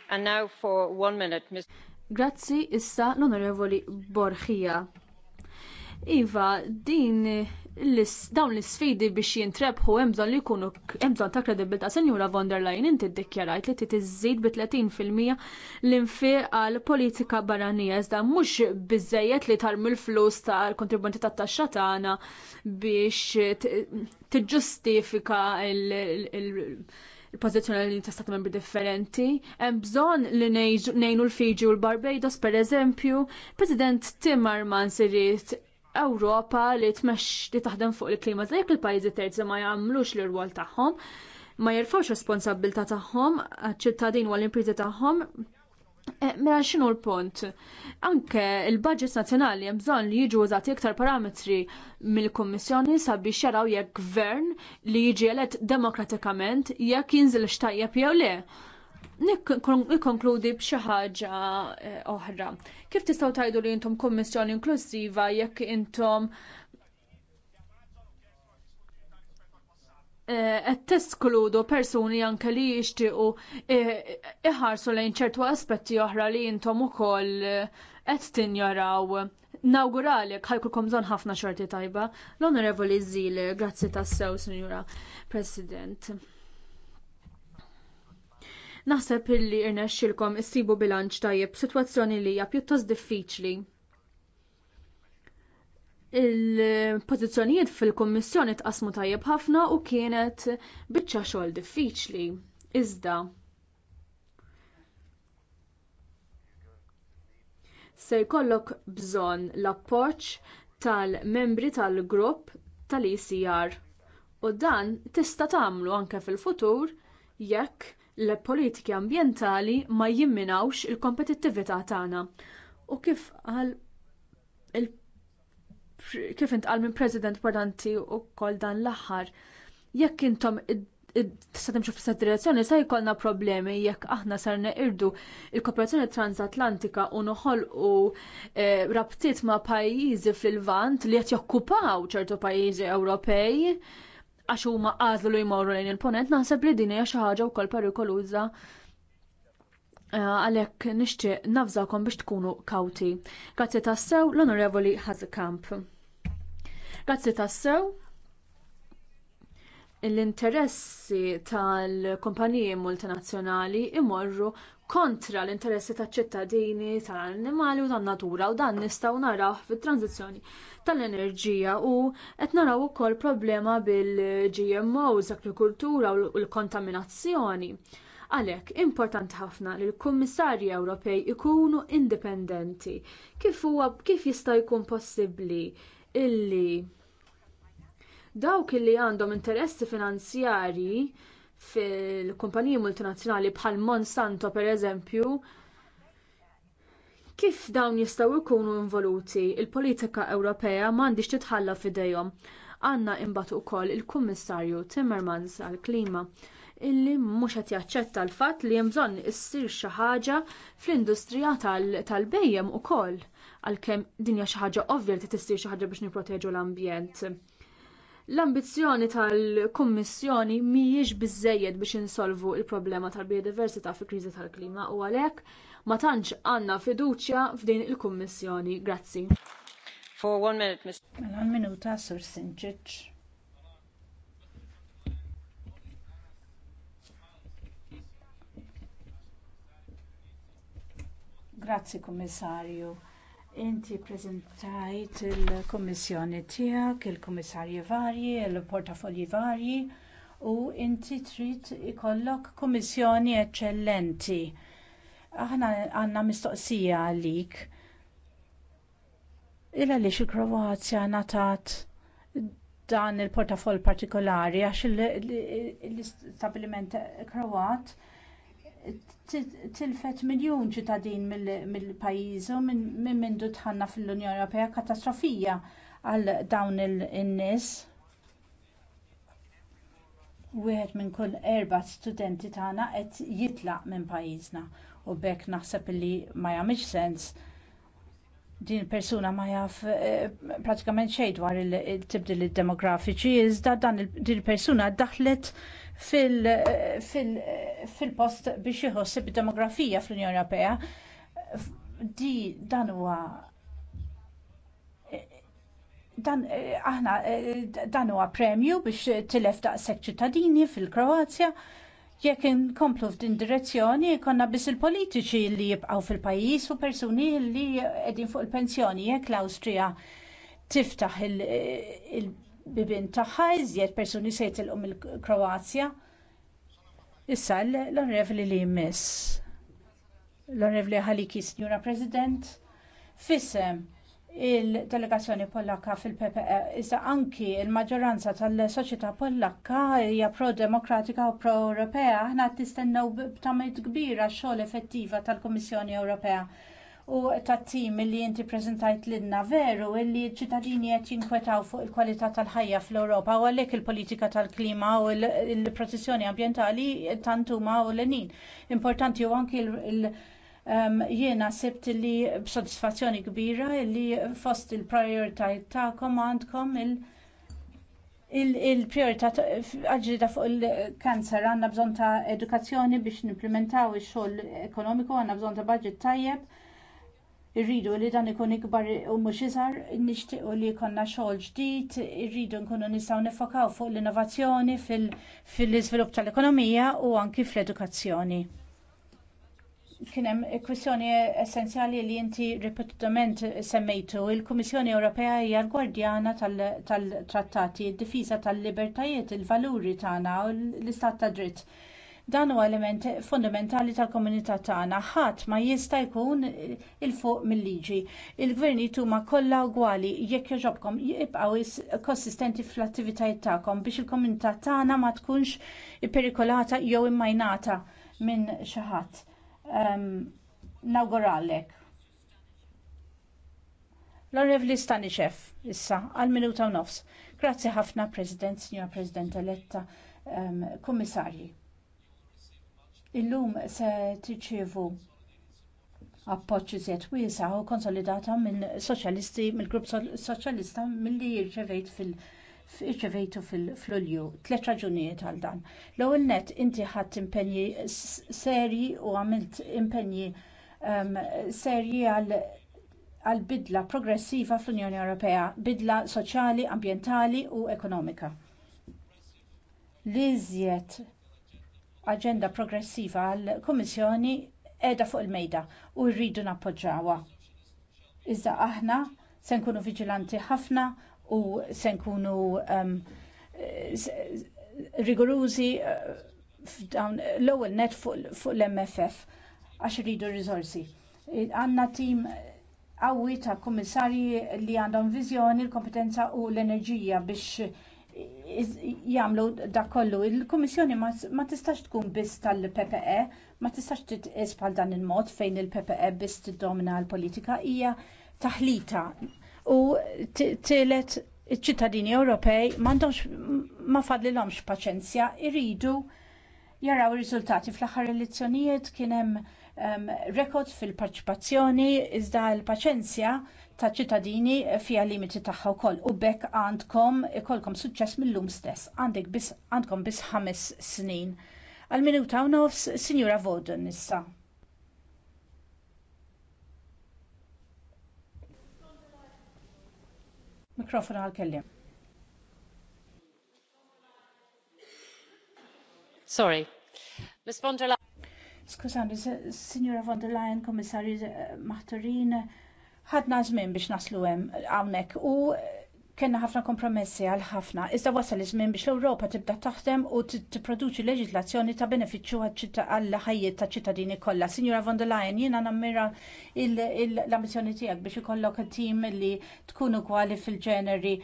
Minute, Grazzi issa l-Onorevoli Borgia. Iva, din dawn l isfidi biex jintrebħu hemm bżonn li jkunu hemm bżonn ta' kredibilità. Senjura von der Leyen inti ddikjarajt li trid iżżid bi 30% l-infiq għal politika barranija iżda mhux biżejjed li tarmu l-flus tal-kontribwenti tat-taxxa tagħna biex tiġġustifika l- il-pozizjonali ta' Stat membri differenti. Hemm bżonn li ngħinu l-Fiġi u l-Barbados pereżempju, President Timmermans irid Ewropa li tmex li taħdem fuq il-klima jekk il-pajjiżi terzi ma jagħmlux l-irwol tagħhom ma jirfawx responsabilità tagħhom għaċ-ċittadin u l-impriżi tagħhom Eh, mela xinu l-punt? Anke il-budget nazjonali hemm bżonn li jiġu użati iktar parametri mill-Kummissjoni sabiex jaraw jekk gvern li jiġi elett demokratikament jekk jinżil xtajjeb jew le. Nikkonkludi b'xi ħaġa eh, oħra. Kif tistgħu tgħidu li intom kummissjoni inklusiva jekk intom Eh, qed teskludu persuni anke li jixtiequ eh, iħarsu lejn ċertu aspetti oħra li intom ukoll eh, qed tinjoraw. Nawguralek ħajkulkom bżonn ħafna xorti tajba. L-Onorevoli Zile, grazzi tassew, Sinjura President. Naħseb illi irnexxilkom issibu bilanċ tajjeb situazzjoni li hija pjuttost diffiċli il-pożizzjonijiet fil-Kummissjoni tqasmu tajjeb ħafna u kienet biċċa xogħol diffiċli. Iżda se jkollok bżonn l-appoġġ tal-membri tal-grupp tal-ECR u dan tista' tagħmlu anke fil-futur jekk il politiki ambjentali ma jimminawx il-kompetittività tagħna. U kif għal il kif intqal minn President Baranti u kol dan l-aħħar, jekk intom sa timxu fissa direzzjoni se jkollna problemi jekk aħna sar neqirdu il-kooperazzjoni transatlantika u noħolqu e, rabtiet ma' pajjiżi fil-vant li qed jokkupaw ċertu pajjiżi Ewropej għax huma għażlu jmorru lejn il-ponent naħseb li din hija xi ħaġa wkoll perikoluża Eh, għalhekk nixtieq nafżakom biex tkunu kawti. Grazzi tassew l-Onorevoli Hazekamp. Grazzi tassew l-interessi tal-kumpaniji multinazzjonali imorru kontra l-interessi taċ ċittadini, tal-annimali u tan-natura u dan nistgħu naraw fit-tranzizzjoni tal-enerġija u qed naraw ukoll problema bil-GMOs, agrikultura u l-kontaminazzjoni. Għalhekk importanti ħafna li l-Kummissarji Ewropej ikunu indipendenti. Kif huwa kif jista' jkun possibbli illi dawk li għandhom interessi finanzjarji fil-kumpaniji multinazzjonali bħal Monsanto pereżempju, kif dawn jistgħu jkunu involuti il-politika Ewropea m'għandix titħalla f'idejhom għandna imbagħad ukoll il-Kummissarju Timmermans għall-Klima illi mhux qed jaċċetta l-fatt li hemm bżonn issir xi ħaġa fl-industrija tal-bejjem ukoll għalkemm din hija xi ħaġa ovvja li tissir xi ħaġa biex nipproteġu l-ambjent. L-ambizzjoni tal-Kummissjoni mhijiex biżżejjed biex insolvu l problema tal-biodiversità fi kriżi tal-klima u għalhekk ma tantx għandna fiduċja f'din il-Kummissjoni. Grazzi. For one minute, Mr. Mela minuta, Sur Sinċiċ. Grazzi Kummissarju. Inti prezentajt il-Kommissjoni tiegħek, il-Kummissarji varji, il-portafolji varji u inti trid ikollok kommissjoni eċċellenti. Aħna għandna mistoqsija għalik. Illa li xil-Kroazja natat dan il-portafoll partikolari għax l-istabiliment Kroat tilfet miljun ċittadin mill pajjiżu minn mindu tħanna fil unjoni Ewropea katastrofija għal dawn in-nies. Wieħed minn kull erba' studenti tagħna qed jitlaq minn pajjiżna u bekk naħseb li ma jagħmilx sens din persuna ma jaf eh, pratikament xejn dwar il-tibdil demografiċi iżda dan din persuna daħlet fil-post biex jħossib demografija fl-Unjoni Ewropea. Di dan huwa dan aħna dan huwa premju biex tilef daqshekk ċittadini fil-Kroazja. Jekk inkomplu f'din direzzjoni, konna biss il-politiċi li jibqgħu fil-pajjiż u persuni li qegħdin fuq il-pensjoni jekk l-Awstrija tiftaħ il-, il bibin tagħha iżjed persuni se jitilqu mill-Kroazja. Issa l-Onorevoli li jmiss. L-Onorevoli Ħaliki, Signora President, fissem il-delegazzjoni Pollakka fil-PPE iżda anki l maġġoranza tal-soċjetà Pollakka hija pro-demokratika u pro-Ewropea aħna tistennew b'tamit kbira għax xogħol effettiva tal-Kummissjoni Ewropea u tat-tim li inti prezentajt lilna veru illi ċittadini qed jinkwetaw fuq il-kwalità tal-ħajja fl-Ewropa u għalhekk il-politika tal-klima u l-protezzjoni ambjentali tant huma ewlenin. Importanti u anki il- jiena sibt li b'sodisfazzjoni kbira li fost il-prioritajt tagħkom għandkom il- Il-priorità għagġida fuq il-kanzer għanna bżon ta' edukazzjoni biex nimplementaw il-xol ekonomiku, għanna bżon ta' budget tajjeb irridu li dan ikun ikbar u mhux iżgħar, nixtiequ li jkollna xogħol ġdid, irridu nkunu nistgħu nifokaw fuq l-innovazzjoni fil-iżvilupp tal-ekonomija u anki fl-edukazzjoni. Kien hemm kwistjoni essenzjali li inti ripetutament semmejtu, il-Kummissjoni Ewropea hija l-gwardjana tal-trattati, d difiża tal-libertajiet, il-valuri tagħna u l-istat ta' dritt Dan huwa element fundamentali tal-komunità tagħna. Ħadd ma jista' jkun il-fuq mill-liġi. Il-gvernijiet huma kollha ugwali jekk jogħġobkom jibqgħu konsistenti fl-attivitajiet tagħkom biex il-komunità tagħna ma tkunx ipperikolata jew immajnata minn xi ħadd. Um, Nawguralek. L-Onorevli Staniċef, issa, għal minuta u nofs. Grazzi ħafna, President, Signor President eletta, um, ehm, Kummissarji. Illum se tiċċievu appoġġ iżjed wiesa' u konsolidata minn soċjalisti mill-grupp soċjalista milli rċevejt fil irċevejtu fil-Lulju. Tliet raġunijiet għal dan. L-ewwel nett inti ħadd impenji serji u għamilt impenji ehm, serji għal bidla progressiva fl-Unjoni Ewropea, bidla soċjali, ambjentali u ekonomika. l aġenda progressiva għall kummissjoni qiegħda fuq il-mejda u rridu nappoġġawha. Iżda aħna se nkunu viġilanti ħafna u se nkunu um, rigorużi uh, f'dawn l-ewwel net fuq l-MFF għax rridu riżorsi. Għandna tim qawwi ta' kummissarji li għandhom viżjoni, l-kompetenza u l-enerġija biex Jamlu dakollu, kollu. Il-Kummissjoni ma tistax tkun biss tal-PPE, ma tistax t bħal dan il-mod fejn il-PPE biss tiddomina l-politika hija taħlita u t iċ-ċittadini Ewropej m'għandhomx ma l-omx paċenzja, irridu jaraw rizultati riżultati fl-aħħar elezzjonijiet kien hemm um, rekord fil-parċipazzjoni iżda l-paċenzja ta' ċittadini fija limiti tagħha wkoll u bekk għandkom ikolkom suċċess mill-lum stess. Għandek bis għandkom biss ħames snin. Għal minuta u nofs Sinjura Voden issa. Mikrofon għal-kellim. Sorry. Ms. von Skużani, Signora von der Leyen, Komissarju Maħturin, ħadna żmien biex naslu hemm hawnhekk u kena ħafna kompromessi għal ħafna. Iżda wasal iż-żmien biex l-Ewropa tibda taħdem u tipproduċi leġislazzjoni ta' benefiċċju għall ħajjiet ta' ċittadini kollha. Signora von der Leyen, jiena nammira l-ambizzjoni tiegħek biex ikollok tim li tkun kwali fil-ġeneri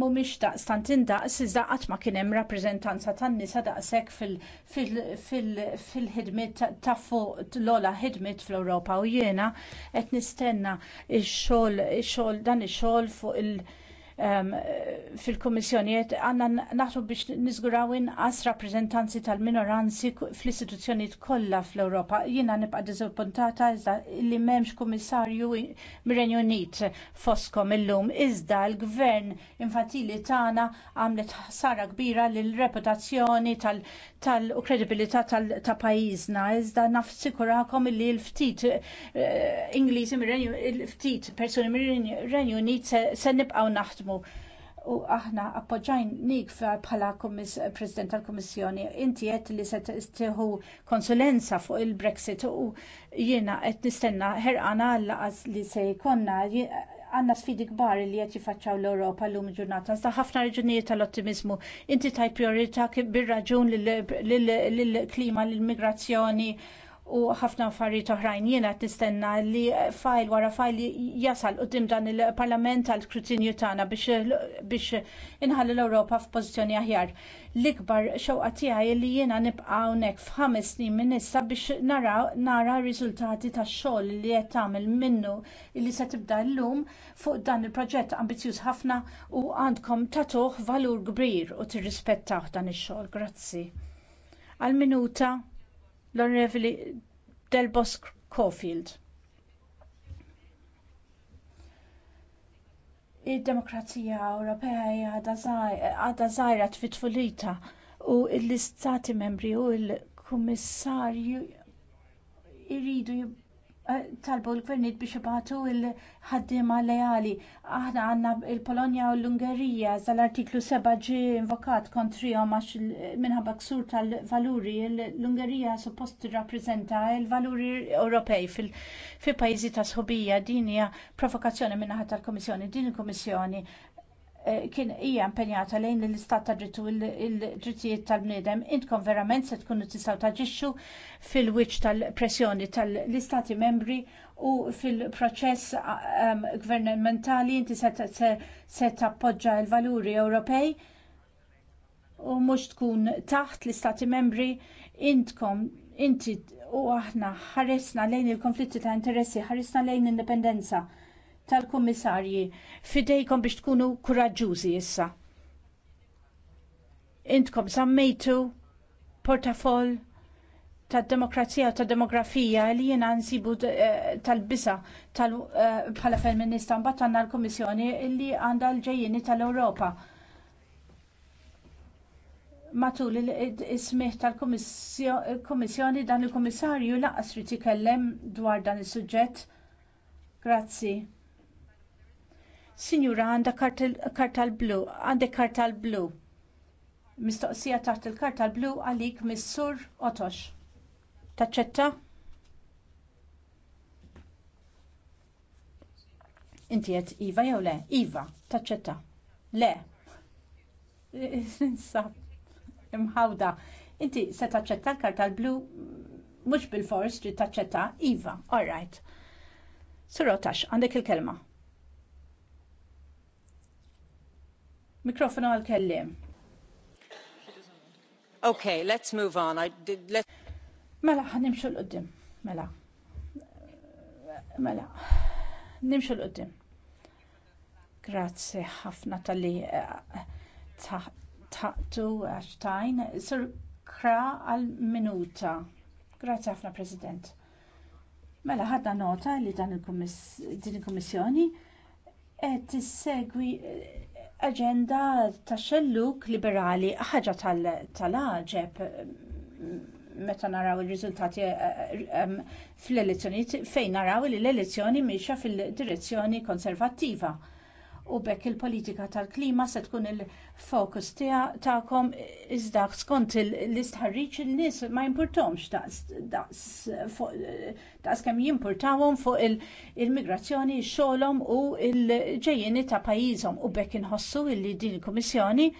mhumiex daqstant indaqs iżda qatt ma kien hemm rappreżentanza tan-nisa daqshekk fil-ħidmiet ta' fuq l-ola ħidmiet fl-Ewropa u jiena qed nistenna x-xogħol dan ix-xogħol fuq il- Um, fil-Kummissjoni għanna għandna biex niżguraw inqas rappresentanzi tal-minoranzi fl-istituzzjonijiet kollha fl-Ewropa. Jiena nibqa' diżappuntata iżda li m'hemmx kommissarju mir-Renju Unit foskom illum iżda l-gvern infantili tagħna għamlet ħsara kbira lill reputazzjoni tal- u kredibilità ta' pajjiżna iżda nafsikurakom li l-ftit eh, Ingliżi mir il ftit persuni mir-Renju Unit se nibqgħu naħdmu naħdmu u aħna appoġġajn nik bħala President tal-Kommissjoni, inti qed li se tieħu konsulenza fuq il-Brexit u jiena qed nistenna ħerqana għallaqas li se jkollna għanna sfidi kbar li qed jiffaċċaw l-Ewropa llum ġurnata. Sta ħafna raġunijiet tal-ottimizmu. Inti taj priorità bir-raġun lill-klima, lill immigrazzjoni u ħafna affarijiet oħrajn jiena qed nistenna li fajl wara fajl jasal qudiem dan il-Parlament għal skrutinju tagħna biex biex inħallu l-Ewropa f'pożizzjoni aħjar. L-ikbar xewqa tiegħi li jiena nibqa' hawnhekk f'ħames snin minn issa biex nara nara riżultati tax-xogħol li qed tagħmel minnu li se tibda llum fuq dan il-proġett ambizzjuż ħafna u għandkom tagħtuh valur kbir u tirrispettaw dan ix-xogħol. Grazzi. Għal minuta l-Onorevoli Del Bosque Caulfield. Id-demokrazija Ewropea hija għadha żgħira tfitfulita u l-istati membri u l-kummissarju jridu Eh, talbu l-gvernit biex ibatu l ħaddiema leali. Aħna għandna l polonja u l-Ungerija zal-artiklu 7 ġie invokat kontrihom għax minħabba ksur tal-valuri. L-Ungerija suppost tirrappreżenta l valuri Ewropej fil-pajjiżi ta' sħobija. Din hija provokazzjoni min-naħa tal-Komissjoni. Din il-Komissjoni Eh, kien hija impenjata lejn l-istat ta' drittu il-drittijiet tal-bniedem, intkom verament se tkunu tistgħu taġixxu fil-wiċċ tal-pressjoni tal-istati membri u fil-proċess gvernamentali inti se tappoġġa l-valuri Ewropej u mhux tkun taħt l-istati membri intkom inti u aħna ħaresna lejn il-konflitti ta' interessi, ħaresna lejn l indipendenza tal-kummissarji fidejkom biex tkunu kuraġġużi issa. Intkom sammejtu portafol tad demokrazija u tad demografija li jiena nsibu eh, tal-bisa eh, bħala feminista mbagħad għandna l-Kummissjoni li għandha l-ġejjini tal-Ewropa. Matul ismiħ tal-Kummissjoni dan il-Kummissarju laqas rid jitkellem dwar dan is-suġġett. Grazzi. Sinjura għandha kartal blu, għandek kartal blu. Mistoqsija taħt il-kartal blu għalik mis-sur Otox. Taċċetta? Inti qed Iva jew le? Iva, taċċetta. Le. Insab. Imħawda. Inti se taċċetta l-kartal blu mhux bil-fors ġi taċċetta. Iva, all right. Sur Otox, għandek il-kelma. Mikrofonu għal-kellim. Okay, let's move on. I did, let... Mela, nimxu l-qoddim. Mela. Mela. Nimxu l-qoddim. Grazzi ħafna tal-li eh, taqtu għaxtajn. Sir kra għal-minuta. Grazzi ħafna, President. Mela, ħadna nota li dan il-kommissjoni din il qed tissegwi eh, aġenda ta' xelluk liberali ħaġa tal-aġeb meta naraw ir-riżultati eh, eh, fl-elezzjonijiet fejn naraw li l-elezzjoni miexa fil-direzzjoni konservattiva u bekk il-politika tal-klima se tkun il-fokus tagħkom iżda skont l-istħarriċ in-nies ma jimpurtomx daqs kemm jimpurtawhom fuq il-migrazzjoni xogħolhom u l-ġejjeni ta' pajjiżhom u bekk inħossu li din il-Kummissjoni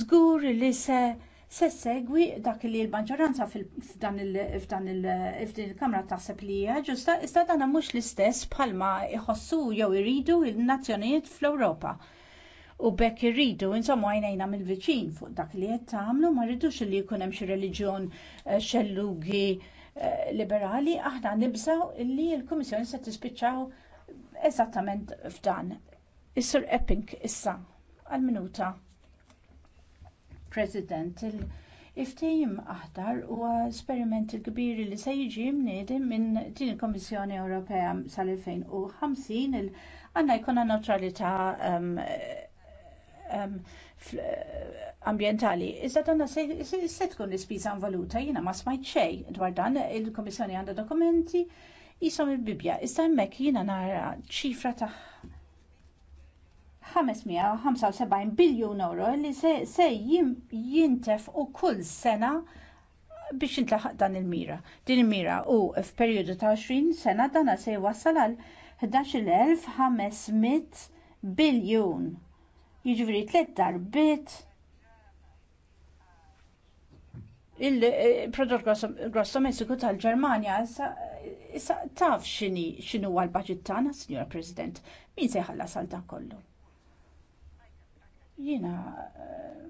żgur li se se segwi dak li l-maġġoranza f'dan il-Kamra taħseb li hija ġusta, iżda dan mhux l-istess bħalma jħossu jew iridu l nazzjonijiet fl-Ewropa. U bekk irridu insomma għajnejna mill-viċin fuq dak li qed tagħmlu ma rridux li jkun hemm xi reliġjon eh, xellugi eh, liberali, aħna nibżaw li l-Kummissjoni se tispiċċaw eżattament f'dan. Is-Sur Epping issa għal-minuta. President, il ftehim aħdar huwa esperiment kbir li se jiġi mniedi minn din il-Kommissjoni Ewropea sal-2050 il għandna jkollna neutralità um, um ambientali. Iżda donna se, tkun l-ispiża valuta jiena ma smajt xej dwar dan il-Komissjoni għandha dokumenti jisom il-Bibja. Iżda hemmhekk jiena nara ċifra ta' 575 biljun euro li se, jintef u kull sena biex intlaħaq dan il-mira. Din il-mira u f'perjodu ta' 20 sena dana se jwassal għal 11,500 biljun. Jiġifieri tliet darbit il-prodott eh, gross domestiku tal-Ġermanja issa taf x'inhu x'inhu l-baġit tagħna, Signora President, min se jħallas għal dan kollu? Jiena eh,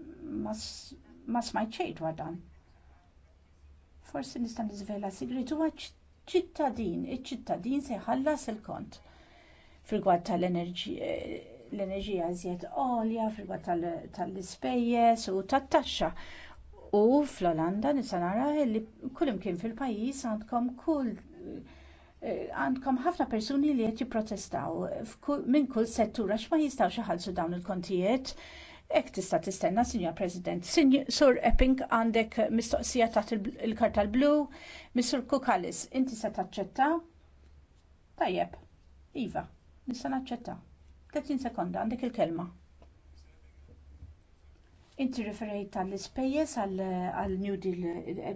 ma smajt xejn dwar dan. Forsi nista' niżvela sigrit huwa ċittadin, iċ-ċittadin se jħallas il-kont fil-gwad tal-enerġija eh, iżjed għolja, fil-gwad tal-ispejjeż u tat-taxxa. U fl-Olanda nista' nara li kullim kien fil-pajjiż għandkom kull għandkom ħafna persuni li qed jipprotestaw minn kull settur għax ma jistgħux iħallsu dawn il-kontijiet. Ek tista' tistenna, Sinja President. Sur Epping għandek mistoqsija taħt il-karta l-blu, Mr. Kukalis, inti se taċċetta? Tajjeb, Iva, nista' naċċetta. 30 sekonda, għandek il-kelma. Inti riferejt tal-ispejjeż għal New Deal,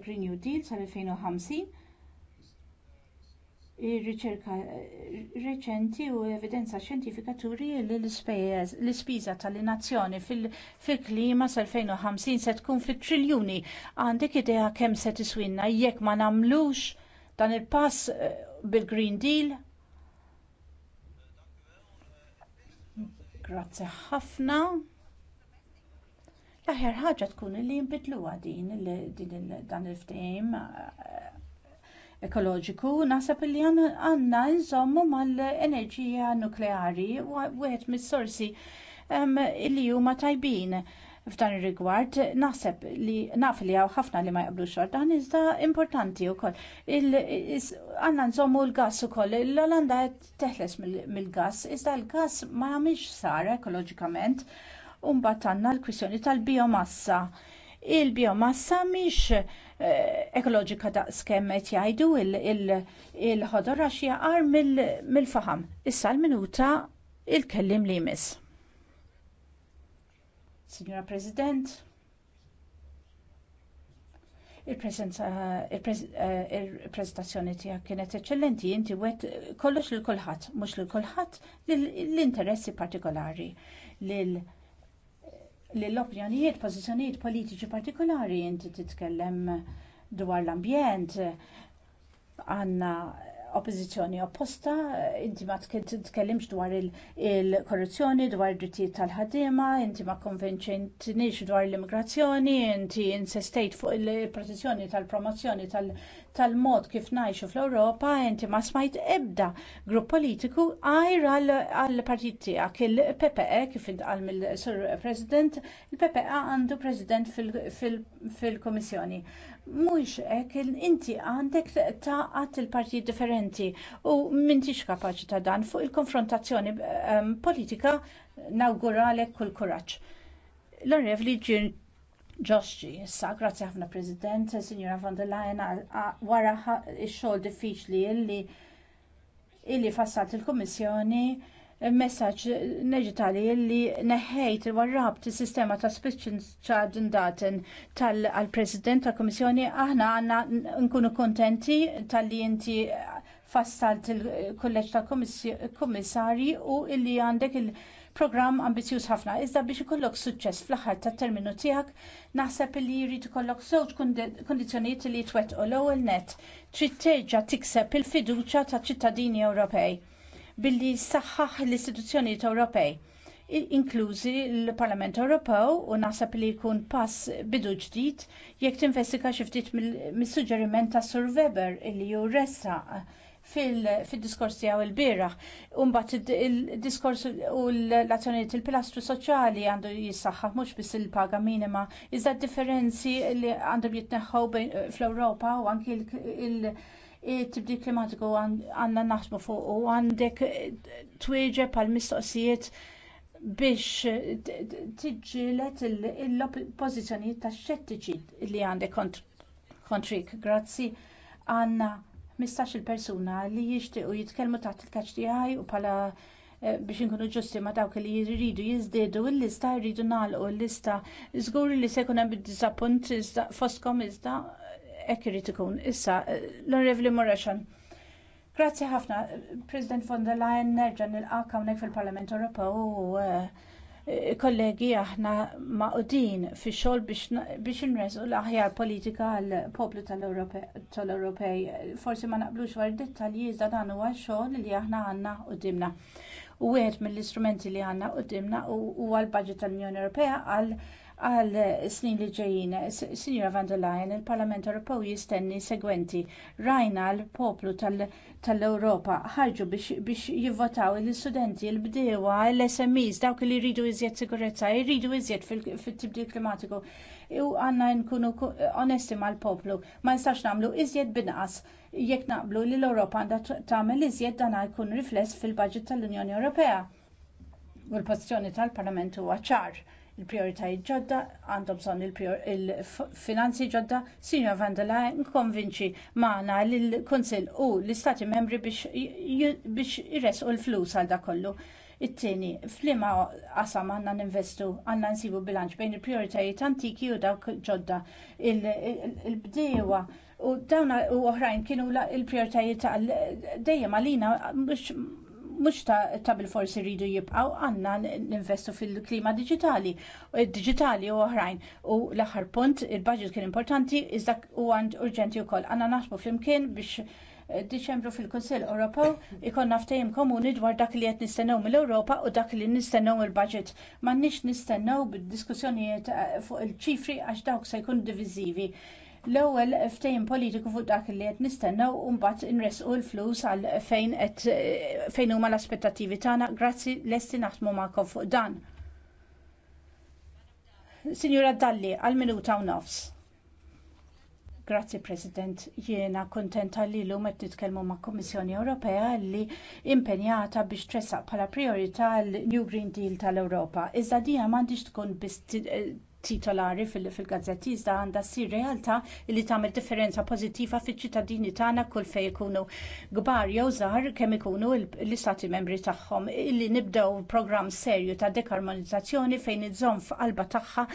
Green New Deal sal-2050 Ir-riċerka eh, reċenti u evidenza xjentifika turi li l-ispiża tal-inazzjoni fil-klima sal-2050 se tkun fit triljuni għandek idea kemm se tiswinna jekk ma nagħmlux dan il-pass eh, bil-Green Deal? Grazzi ħafna. L-aħjar ħaġa tkun li jinbidlu din dan il-ftehim eh, ekoloġiku, naħseb li għandna nżommu mal-enerġija nukleari wieħed mis-sorsi li huma tajbin. F'dan ir-rigward, naħseb li naf li hawn ħafna li ma jaqblux xor dan iżda importanti wkoll. Għandna nżommu l-gass ukoll, l-Olanda qed teħles mill-gass, iżda l-gass ma jagħmilx sar ekoloġikament. u mbagħad għandna l kwistjoni tal-biomassa. Il-biomassa mhix Eh, ekoloġika da' skemmet jgħidu il-ħodor għax jaqar mill-faham. Issa l-minuta il-kellim li jmiss. Signora President, eh, il-prezentazzjoni tiegħek kienet eċċellenti, inti wet kollox lil kulħadd, mhux lil kulħadd l-interessi partikolari lil l-opinjonijiet, pożizzjonijiet politiċi partikulari, inti titkellem dwar l-ambjent, għandna oppożizzjoni opposta, inti ma tkellimx dwar il-korruzzjoni, dwar id-drittijiet tal-ħaddiema, inti ma konvenċentinix dwar l-immigrazzjoni, inti insistejt fuq il-protezzjoni tal-promozzjoni tal-mod kif ngħixu fl-Ewropa, inti ma smajt ebda grupp politiku għajr għall-partit tiegħek il-PPE kif intqal mill-Sur President, il-PPE għandu President fil-Komissjoni mhux hekk inti għandek taqgħod il-parti differenti u m'intix kapaċi ta' dan fuq il-konfrontazzjoni ehm, politika nawguralek kull kuraġġ. L-Onorevoli Ġoxġi, issa, grazzi ħafna President, Signora von der Leyen, wara x-xogħol diffiċli illi illi fassat il-Kummissjoni messaġġ neġitali li neħejt warrab sistema ta' spiċċa daten tal-President tal kummissjoni aħna għandna nkunu kontenti tal-li inti fassalt il kolleġ tal kummissarji u illi għandek il- programm ambizjuż ħafna, iżda biex ikollok suċċess fl-aħħar tat-terminu tiegħek naħseb li jrid ikollok żewġ kundizzjonijiet li jitwettqu l-ewwel net trid terġa' tikseb il-fiduċja ta' ċittadini Ewropej billi saħħaħ l-istituzzjonijiet Ewropej inklużi l-Parlament Ewropew u naħseb li jkun pass bidu ġdid jekk tinvestiga xi ftit mis-suġġeriment ta' Sur Weber illi ju ressa fil-diskors tiegħu l-bieraħ. mbagħad id diskors u l-azzjonijiet il-pilastru soċjali għandu jissaħħaħ mhux biss il-paga minima, iżda differenzi li għandhom jitneħħu fl-Ewropa u anki il- tibdi tibdil klimatiku għandna naħsbu fuq u għandek eh, twieġe għal mistoqsijiet biex eh, tiġġielet il oppożizzjonijiet tax xettiċi li għandek kontrik. Grazzi għanna 15 il-persuna li jixtiequ jitkellmu taħt il-kaċ tiegħi u bħala eh, biex inkunu ġusti ma dawk li jirridu jizdedu il-lista jridu nagħlqu l-lista. Żgur li se jkun hemm id iżda iżda Ekk irrid ikun. Issa, l-Onorevoli Murrexan. Grazzi ħafna, President von der Leyen il nilqak hawnhekk fil-Parlament Ewropew u eh, kollegi aħna maqdin fi xogħol biex nresu l-aħjar politika għall poplu tal europej Forsi ma naqblux dwar dettalji iżda dan huwa xogħol li aħna għandna qudiemna u wieħed mill-istrumenti li għandna qudiemna huwa l-budget tal-Unjoni Ewropea għal għal snin li ġejjin. Sinjora van der Leyen, il-Parlament Ewropew jistenni segwenti. Rajna l-poplu tal-Ewropa ħarġu biex jivvotaw l-istudenti, l-bdewa, l-SMEs, dawk li jridu iżjed sigurezza, jridu iżjed fit-tibdil klimatiku. U għanna nkunu onesti mal-poplu, ma nistax namlu iżjed binqas jekk naqblu li l-Ewropa għandha tagħmel iżjed dan jkun rifless fil-budget tal-Unjoni Ewropea. U l pożizzjoni tal-Parlament huwa ċar il-prioritajiet ġodda, għandhom bżonn il-finanzi ġodda, Sinjor van der Leyen konvinċi maħna l-Konsil u l-Istati membri biex jirresqu l-flus għal dakollu. It-tieni, flima qasam għandna ninvestu, għandna nsibu bilanċ bejn il-prioritajiet antiki u dawk ġodda, il-bdewa u dawna u oħrajn kienu l-prioritajiet dejjem għalina mhux ta' bil-forsi rridu jibqgħu għandna ninvestu fil-klima digitali, digitali u oħrajn. U l-aħħar punt, il-budget kien importanti, iżda u għand urġenti wkoll. Għanna naħsbu flimkien biex eh, Diċembru fil-Kunsill Ewropew ikonna ftehim komuni dwar dak li qed nistennew mill-Ewropa u dak li nistennew il-budget. M'għandniex nistennew bid-diskussjonijiet eh, fuq il-ċifri għax dawk se jkun diviżivi l-ewwel ftehim politiku fuq dak li qed nistennew u mbagħad inresqu l-flus għal fejn qed fejn huma l-aspettattivi tagħna. Grazzi lesti naħdmu magħkom fuq dan. Sinjura Dalli, għal minuta u nofs. Grazzi President, jiena kontenta li l-lum qed nitkellmu ma' kummissjoni Ewropea li impenjata biex tressaq bħala priorità l-New Green Deal tal-Ewropa. Iżda dinja m'għandix tkun biss eh, titolari fil-gazzetti iżda għandha ssir realtà li tagħmel differenza pożittiva fiċ-ċittadini tagħna kull fejn ikunu kbar jew żgħar kemm ikunu l-istati membri tagħhom li nibdew programm serju ta' dekarmonizzazzjoni fejn iżżomm f'qalba tagħha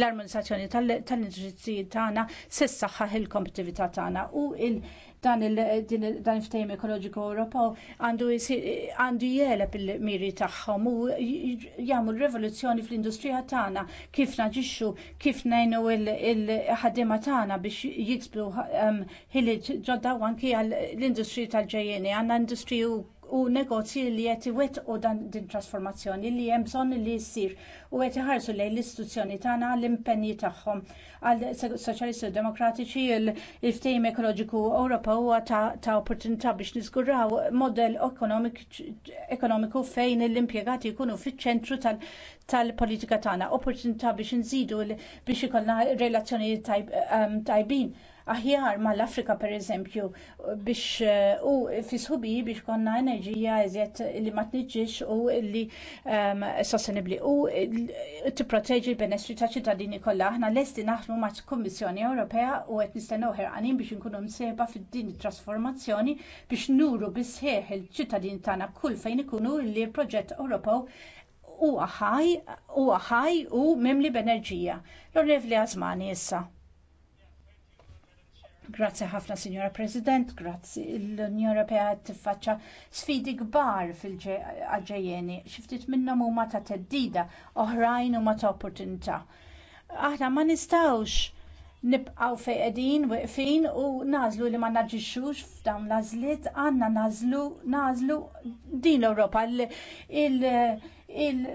l-armonizzazzjoni tal-indrizzi tagħna se ssaħħaħ il-kompetitività tagħna u l dan il-ftejm ekoloġiku Ewropew għandu jeleb il-miri tagħhom u jagħmlu rivoluzzjoni fl-industrija tagħna kif naġixxu kif ngħinu il-ħaddiema tagħna biex jiksbu ehm, ħiliet ġodda anki għall industriji tal-ġejjeni għandna industriju u negozji li qed iwettqu dan din trasformazzjoni li hemm bżonn li jsir u qed iħarsu lejn l-istituzzjoni tagħna l-impenji tagħhom għal soċjalisti demokratiċi il-ftehim ekoloġiku Ewropa huwa ta' opportunità biex niżguraw modell ekonomiku fejn l-impjegati jkunu fiċ-ċentru tal-politika tagħna, opportunità biex nżidu biex ikollna relazzjonijiet tajbin aħjar mal-Afrika pereżempju biex u fisħubi biex konna enerġija eżiet li ma tniġġix u li ehm, sostenibbli u tipproteġi l-benessri ta' ċittadini kollha. Aħna lesti naħdmu ma' Kummissjoni Ewropea u qed nistennew ħerqanin biex inkunu msejba fid-din trasformazzjoni biex nuru bisħeħ il-ċittadini tagħna kull fejn ikunu li proġett Ewropew huwa ħaj, u ħaj u memli b'enerġija. l li għazmani issa. Grazzi ħafna, Signora President, grazzi. L-Unjoni Ewropea tiffaċċa sfidi kbar fil-ġejjeni, xiftit minnhom huma ta' teddida, oħrajn huma ta' opportunità. Aħna ma nistgħux nibqgħu fejn qegħdin weqfin u nażlu li ma naġixxux f'dawn l-għażliet għandna nażlu nażlu din l-Ewropa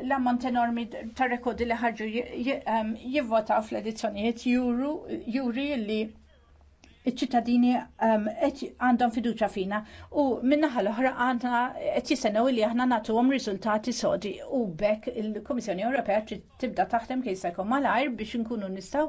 l-ammont enormi ta' rekordi li ħarġu ehm, jivvotaw fl-edizzjonijiet juri li iċ-ċittadini ehm, għandhom fiduċa fina u minnaħal l-oħra għandna qed jistennew li aħna nagħtuhom riżultati sodi u bekk il-Kummissjoni Ewropea trid tibda taħdem kejn se jkun malajr biex inkunu nistgħu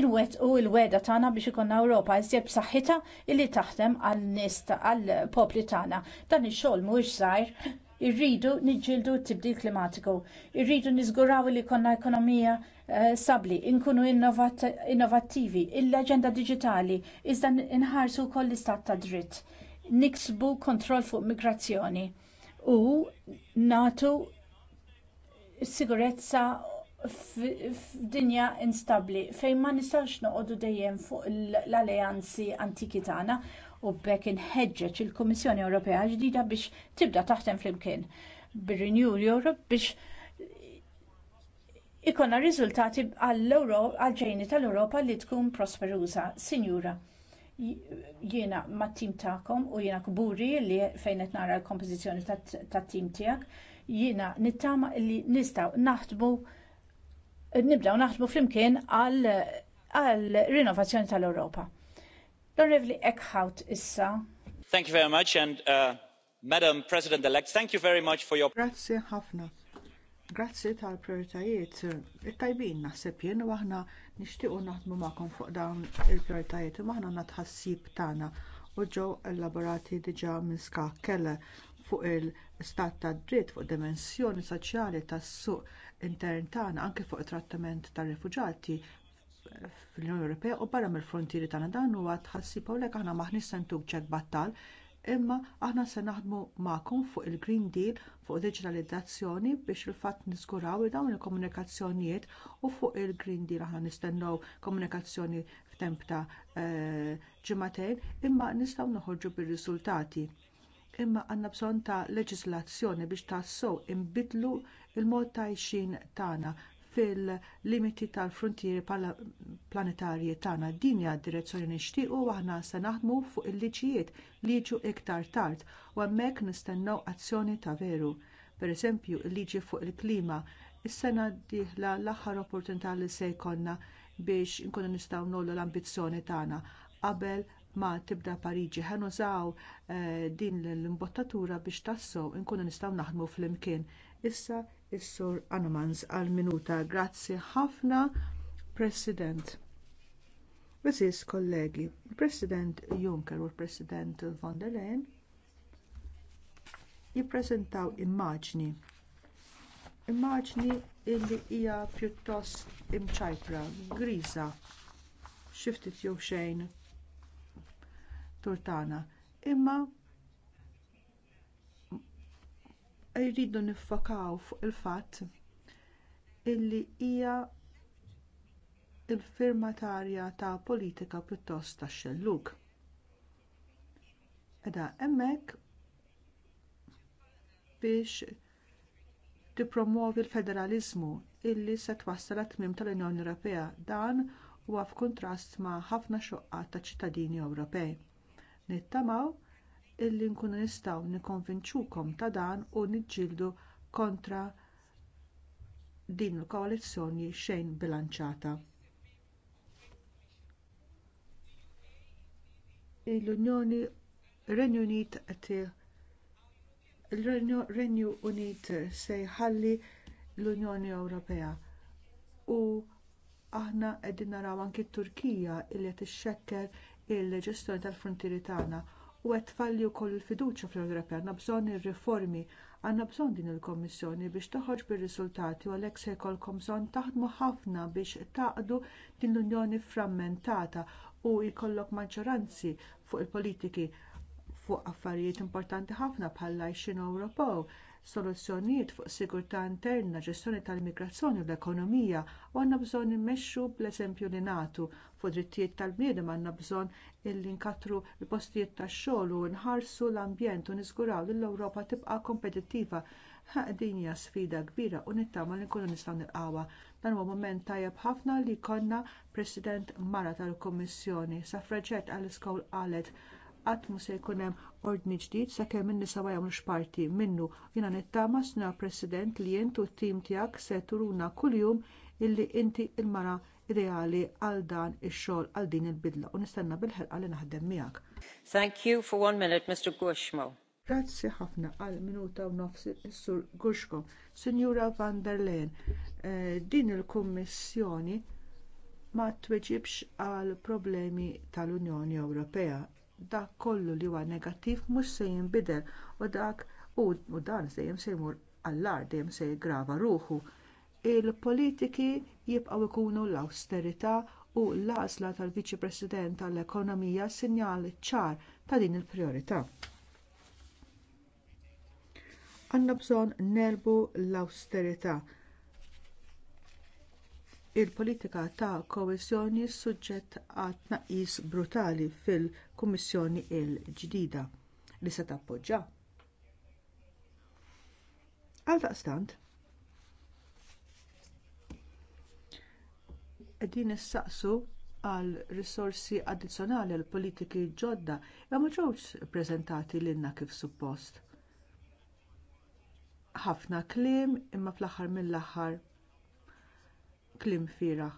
il-wet u l-weda tagħna biex ikonna Ewropa jsieb saħħitha illi taħdem għal-nies għall-popli tagħna. Dan ix-xogħol mhuwiex żgħir irridu niġġieldu t-tibdil klimatiku, irridu niżguraw li konna ekonomija Eh, sabli, inkunu innovattivi, il-leġenda digitali, iżda nħarsu wkoll l-istat ta' dritt, niksbu kontroll fuq migrazzjoni u natu sigurezza f'dinja instabbli fejn ma nistax noqogħdu dejjem fuq l-alleanzi antiki tagħna u bekk inħeġġeġ il-Kummissjoni Ewropea ġdida biex tibda taħdem flimkien bir-Renew Europe biex ikonna riżultati għal-ġejni tal-Ewropa li tkun prosperuża. Sinjura, jiena mat-tim tagħkom u jiena kburi li fejn qed nara l-kompożizzjoni tat-tim tiegħek, jiena nittama li nistgħu naħdmu nibdew naħdmu flimkien għal-rinnovazzjoni tal-Ewropa. L-Onorevoli Eckhout issa. Thank you very much and uh, Madam President-elect, thank you very much for your... Grazie ħafna Grazzi tal-prioritajiet. It-tajbin naħseb jien u aħna nixtiequ naħdmu magħkom fuq dawn il-prioritajiet u aħna għandna tħassib tagħna u ġew elaborati diġà minn Ska Keller fuq il-stat tad dritt fuq id dimensjoni soċjali tas-suq intern tagħna anke fuq it-trattament tar-refuġati fl-Unjoni Ewropea u barra mill-frontieri tagħna dan huwa tħassib hawnhekk aħna maħniex sentuk ġed battal imma aħna se naħdmu magħkom fuq il-Green Deal fuq digitalizzazzjoni biex il-fatt niżguraw dawn il-komunikazzjonijiet u fuq il-Green Deal aħna nistennew komunikazzjoni f'temp ta' eh, ġimagħtejn imma nistgħu noħorġu bir-riżultati. Imma għandna bżonn ta' leġiżlazzjoni biex tassew inbidlu l mod ta' xin tagħna fil-limiti tal-frontieri planetarji tagħna. Din hija d-direzzjoni nixtiequ u aħna se naħdmu fuq il-liġijiet li jiġu iktar tard u hemmhekk nistennew azzjoni ta' veru. Pereżempju l liġi fuq il-klima, is-sena d-dieħla l-aħħar opportunità li se jkollna biex inkunu nistgħu nollu l-ambizzjoni tagħna qabel ma tibda Pariġi ħan użaw eh, din l-imbottatura biex tassew inkunu nistgħu naħdmu flimkien. Issa is-sur Anumans għal minuta. Grazzi ħafna, President. Bisis kollegi, President Juncker u President von der Leyen jippreżentaw immaġni. Immaġni illi hija pjuttost imċajpra, griża, xi ftit jew xejn turtana. Imma rridu niffokaw fuq il-fatt illi hija l il firmatarja ta' politika pjuttost tax xellug. Edha hemmhekk biex tippromovi l-federaliżmu illi se twassal għat-tmiem tal-Unjoni Ewropea dan huwa f'kuntrast ma' ħafna xoqqat ta' ċittadini Ewropej. Nittamaw illi nkunu nistgħu nikkonvinċukom ta' dan u niġġieldu kontra din il-koalizzjoni xejn bilanċata. l-Unjoni Renju Unit renju Unit se jħalli l-Unjoni Ewropea u aħna qegħdin naraw anki t-Turkija li qed ixxekkel il-ġestjoni tal frontiri tagħna u falli u wkoll il-fiduċja fl-Unjoni Ewropea għandna bżonn ir-riformi, għandna bżonn din il kummissjoni biex toħroġ bir-riżultati u għalhekk se jkollkom bżonn taħdmu ħafna biex taqdu din l-Unjoni frammentata u jkollok maġġoranzi fuq il-politiki fuq affarijiet importanti ħafna bħal għajxin Ewropew, soluzzjonijiet fuq sigurtà interna, ġestjoni tal-migrazzjoni u l-ekonomija u għandna bżonn immexxu bl-eżempju li nagħtu fuq drittijiet tal-bniedem għandna bżonn illi nkattru l-postijiet tax-xogħol u nħarsu l-ambjent u niżguraw li l-Ewropa tibqa' kompetittiva. Din hija sfida kbira u nittama li nkunu nistgħu nilqawha. Dan huwa mument tajjeb ħafna li jkollna President Mara tal-Kummissjoni, safraġett Alice iskowl qalet qatt mu se jkun hemm ordni ġdid sakemm in-nisa ma jagħmlux parti minnu. Jiena nittama sna President li jien u t-tim tiegħek se turuna kuljum illi inti l mara ideali għal dan ix-xogħol għal din il-bidla u nistenna bil-ħerqa li naħdem miegħek. Thank you for one minute, Mr. Gushmo. Grazzi ħafna għal minuta u nofs sur Gushko. Sinjura van der Leyen, eh, din il-Kummissjoni ma t għal problemi tal-Unjoni Ewropea dak kollu li huwa negattiv mhux se jinbidel u dak u, u dan se jmur għall-ar dejjem se jgrava ruħu. Il-politiki jibqgħu jkunu l-austerità u l-għażla tal-Viċi President tal-Ekonomija sinjal ċar ta' din il-priorità. Għandna bżonn nerbu l-austerità il-politika ta' koeżjoni suġġett għat tnaqqis brutali fil-Kummissjoni l-ġdida li se tappoġġa. Għaldaqstant, qegħdin issaqsu għal risorsi addizzjonali għal politiki ġodda imma ma ġewx preżentati lilna kif suppost. Ħafna kliem imma fl-aħħar mill-aħħar klim firaħ.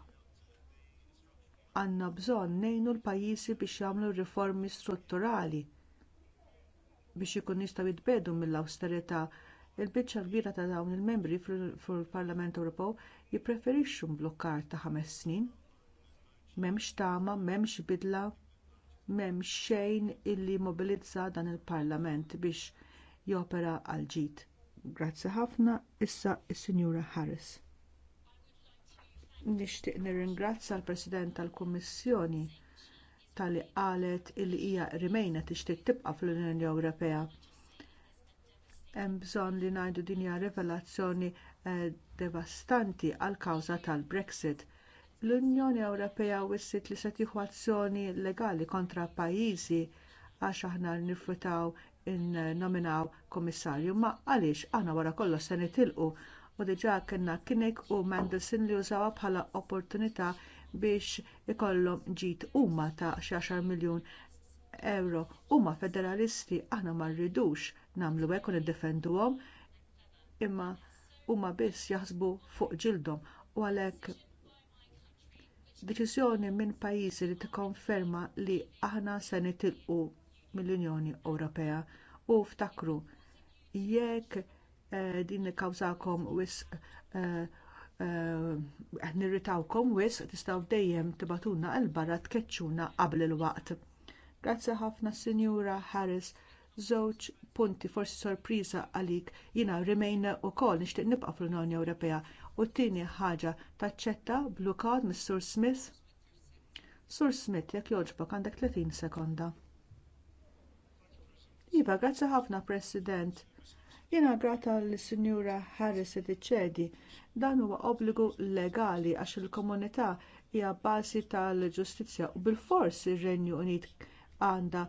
Għanna bżonn ngħinu l-pajjiżi biex jagħmlu riformi strutturali biex ikun jistgħu jitbedu mill-awsterità. Il-biċċa kbira ta' dawn il-membri fil-Parlament Ewropew jippreferixxu mblukkar ta' ħames snin. M'hemmx tama, m'hemmx bidla, m'hemm xejn illi mobilizza dan il-Parlament biex jopera għal ġid. Grazzi ħafna issa is-Sinjura Harris. Nixtieq nirringrazzja l-President tal-Kummissjoni talli qalet illi hija rimejna tixtieq tibqa' fl-Unjoni Ewropea. Hemm bżonn li ngħidu din hija rivelazzjoni eh, devastanti għal kawża tal-Brexit. L-Unjoni Ewropea wissiet li se tieħu azzjoni legali kontra pajjiżi għax aħna nirrifjutaw in-nominaw kummissarju, ma għaliex aħna wara kollox se nitilqu u diġà kellna Kinnick u Mendelson li użawha bħala opportunità biex ikollhom ġid huma ta' xi miljun euro huma federalisti aħna ma rridux nagħmlu hekk u niddefenduhom imma huma biss jaħsbu fuq ġildhom u għalhekk deċiżjoni minn pajjiżi li tikkonferma li aħna se nitilqu mill-Unjoni Ewropea u ftakru jekk Eh, din kawzakom wis eh, eh, nirritawkom wis tistgħu dejjem tibatuna għal barra tkeċċuna qabel il-waqt. Grazzi ħafna Sinjura Harris żewġ punti forsi sorpriża għalik jiena rimejn wkoll nixtieq nibqa' fl-Unjoni Ewropea u t-tieni ħaġa taċċetta blue mis-Sur Smith. Sur Smith jekk jogħġbok għandek 30 sekonda. Iva, grazzi ħafna President Jiena grata l-Sinjura Harris id dan huwa obbligu legali għax il-komunità hija bbażi tal-ġustizzja u bilfors ir-Renju Unit għandha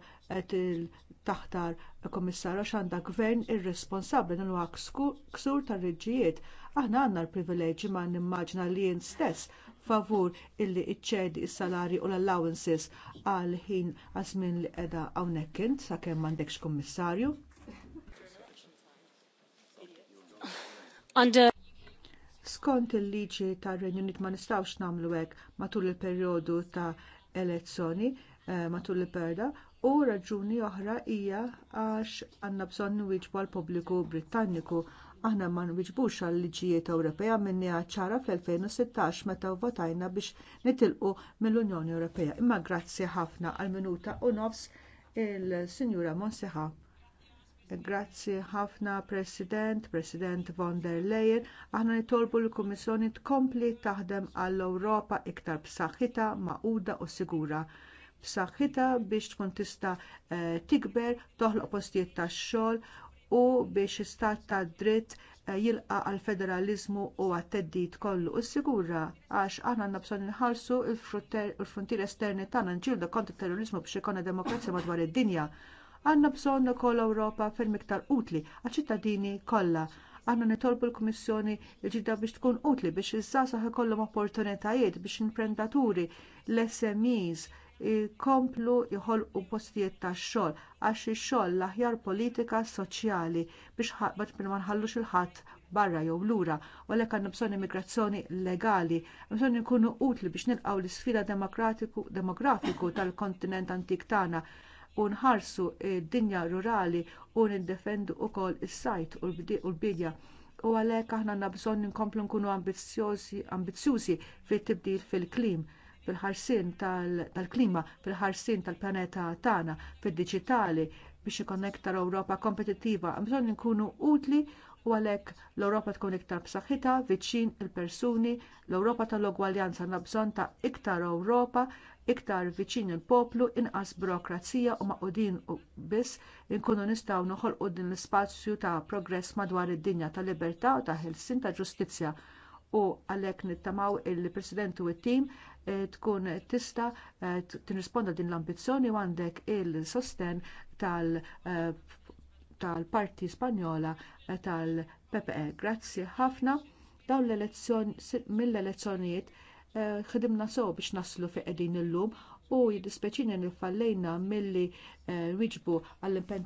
taħtar komissarju għax għandha gvern irresponsabbli dan huwa ksur tar-reġijiet. Aħna għandna l-privileġġi ma nimmaġna li jien stess favur illi iċċedi s salari u l-allowances għal ħin żmien li qiegħda hawnhekk int sakemm m'għandekx kummissarju. under Skont il-liġi tar-Renju Unit ma nistgħux nagħmlu hekk matul il-perjodu ta' elezzjoni eh, matul il-perda u raġuni oħra hija għax għandna bżonn niwiġbu għal pubbliku Brittaniku aħna ma nwiġbux għal liġijiet Ewropea minni ċara fl-2016 meta votajna biex nitilqu mill-Unjoni Ewropea. Imma grazzi ħafna għal minuta u nofs il-Sinjura Monseħa. Grazzi ħafna President, President von der Leyen, aħna nitolbu l-Kummissjoni tkompli taħdem għall-Ewropa iktar b'saħħitha maquda u sigura. B'saħħitha biex tkun tista' eh, tikber, toħloq postijiet tax-xogħol u biex istat ta' dritt eh, jilqa għal federaliżmu u għat teddit kollu u sigura għax aħna għandna bżonn inħallsu l-frontier esterni tagħna nġildu kontra terrorizmu biex ikonna demokrazja madwar id-dinja għanna bżonn ukoll Ewropa ferm miktar utli għaċ-ċittadini kollha. Għanna nitolbu l-Kummissjoni l-ġidda biex tkun utli biex iż-żgħażagħ ikollhom opportunitajiet biex imprendaturi l-SMEs jkomplu jħolqu postijiet tax-xogħol għax ix-xogħol l-aħjar politika soċjali biex ma nħallux il-ħadd barra jew lura u għalhekk għandna bżonn immigrazzjoni legali, bżonn ikunu utli biex nilqgħu l-isfida demokratiku demografiku tal-kontinent antik tagħna u nħarsu d-dinja rurali u nindefendu wkoll is-sajt u l-bidja. U għalhekk aħna għandna bżonn inkomplu nkunu ambizzjużi fit-tibdil fil-klim fil-ħarsien tal-klima, fil-ħarsien tal-planeta tagħna, fid-diġitali biex ikonna Ewropa kompetittiva, bżonn nkunu utli u għalhekk l-Ewropa tkun iktar b'saħħitha viċin il-persuni, l-Ewropa tal-ogwaljanza għandha bżonn ta' iktar Ewropa, iktar viċin il-poplu, inqas burokrazija u maqudin u biss inkunu nistgħu noħolqu din l-ispazju ta' progress madwar id-dinja ta' libertà u ta' ħelsien ta' ġustizzja u għalhekk nittamaw il-President u t-tim tkun tista tinrisponda din l-ambizzjoni u għandek il-sosten tal- tal-Parti Spanjola eh, tal-PPE. Grazzi ħafna dawn mill-elezzjonijiet eh, ħdimna sew biex naslu fi qegħdin illum u jiddispeċini nifallejna milli wiġbu eh, għall-impenn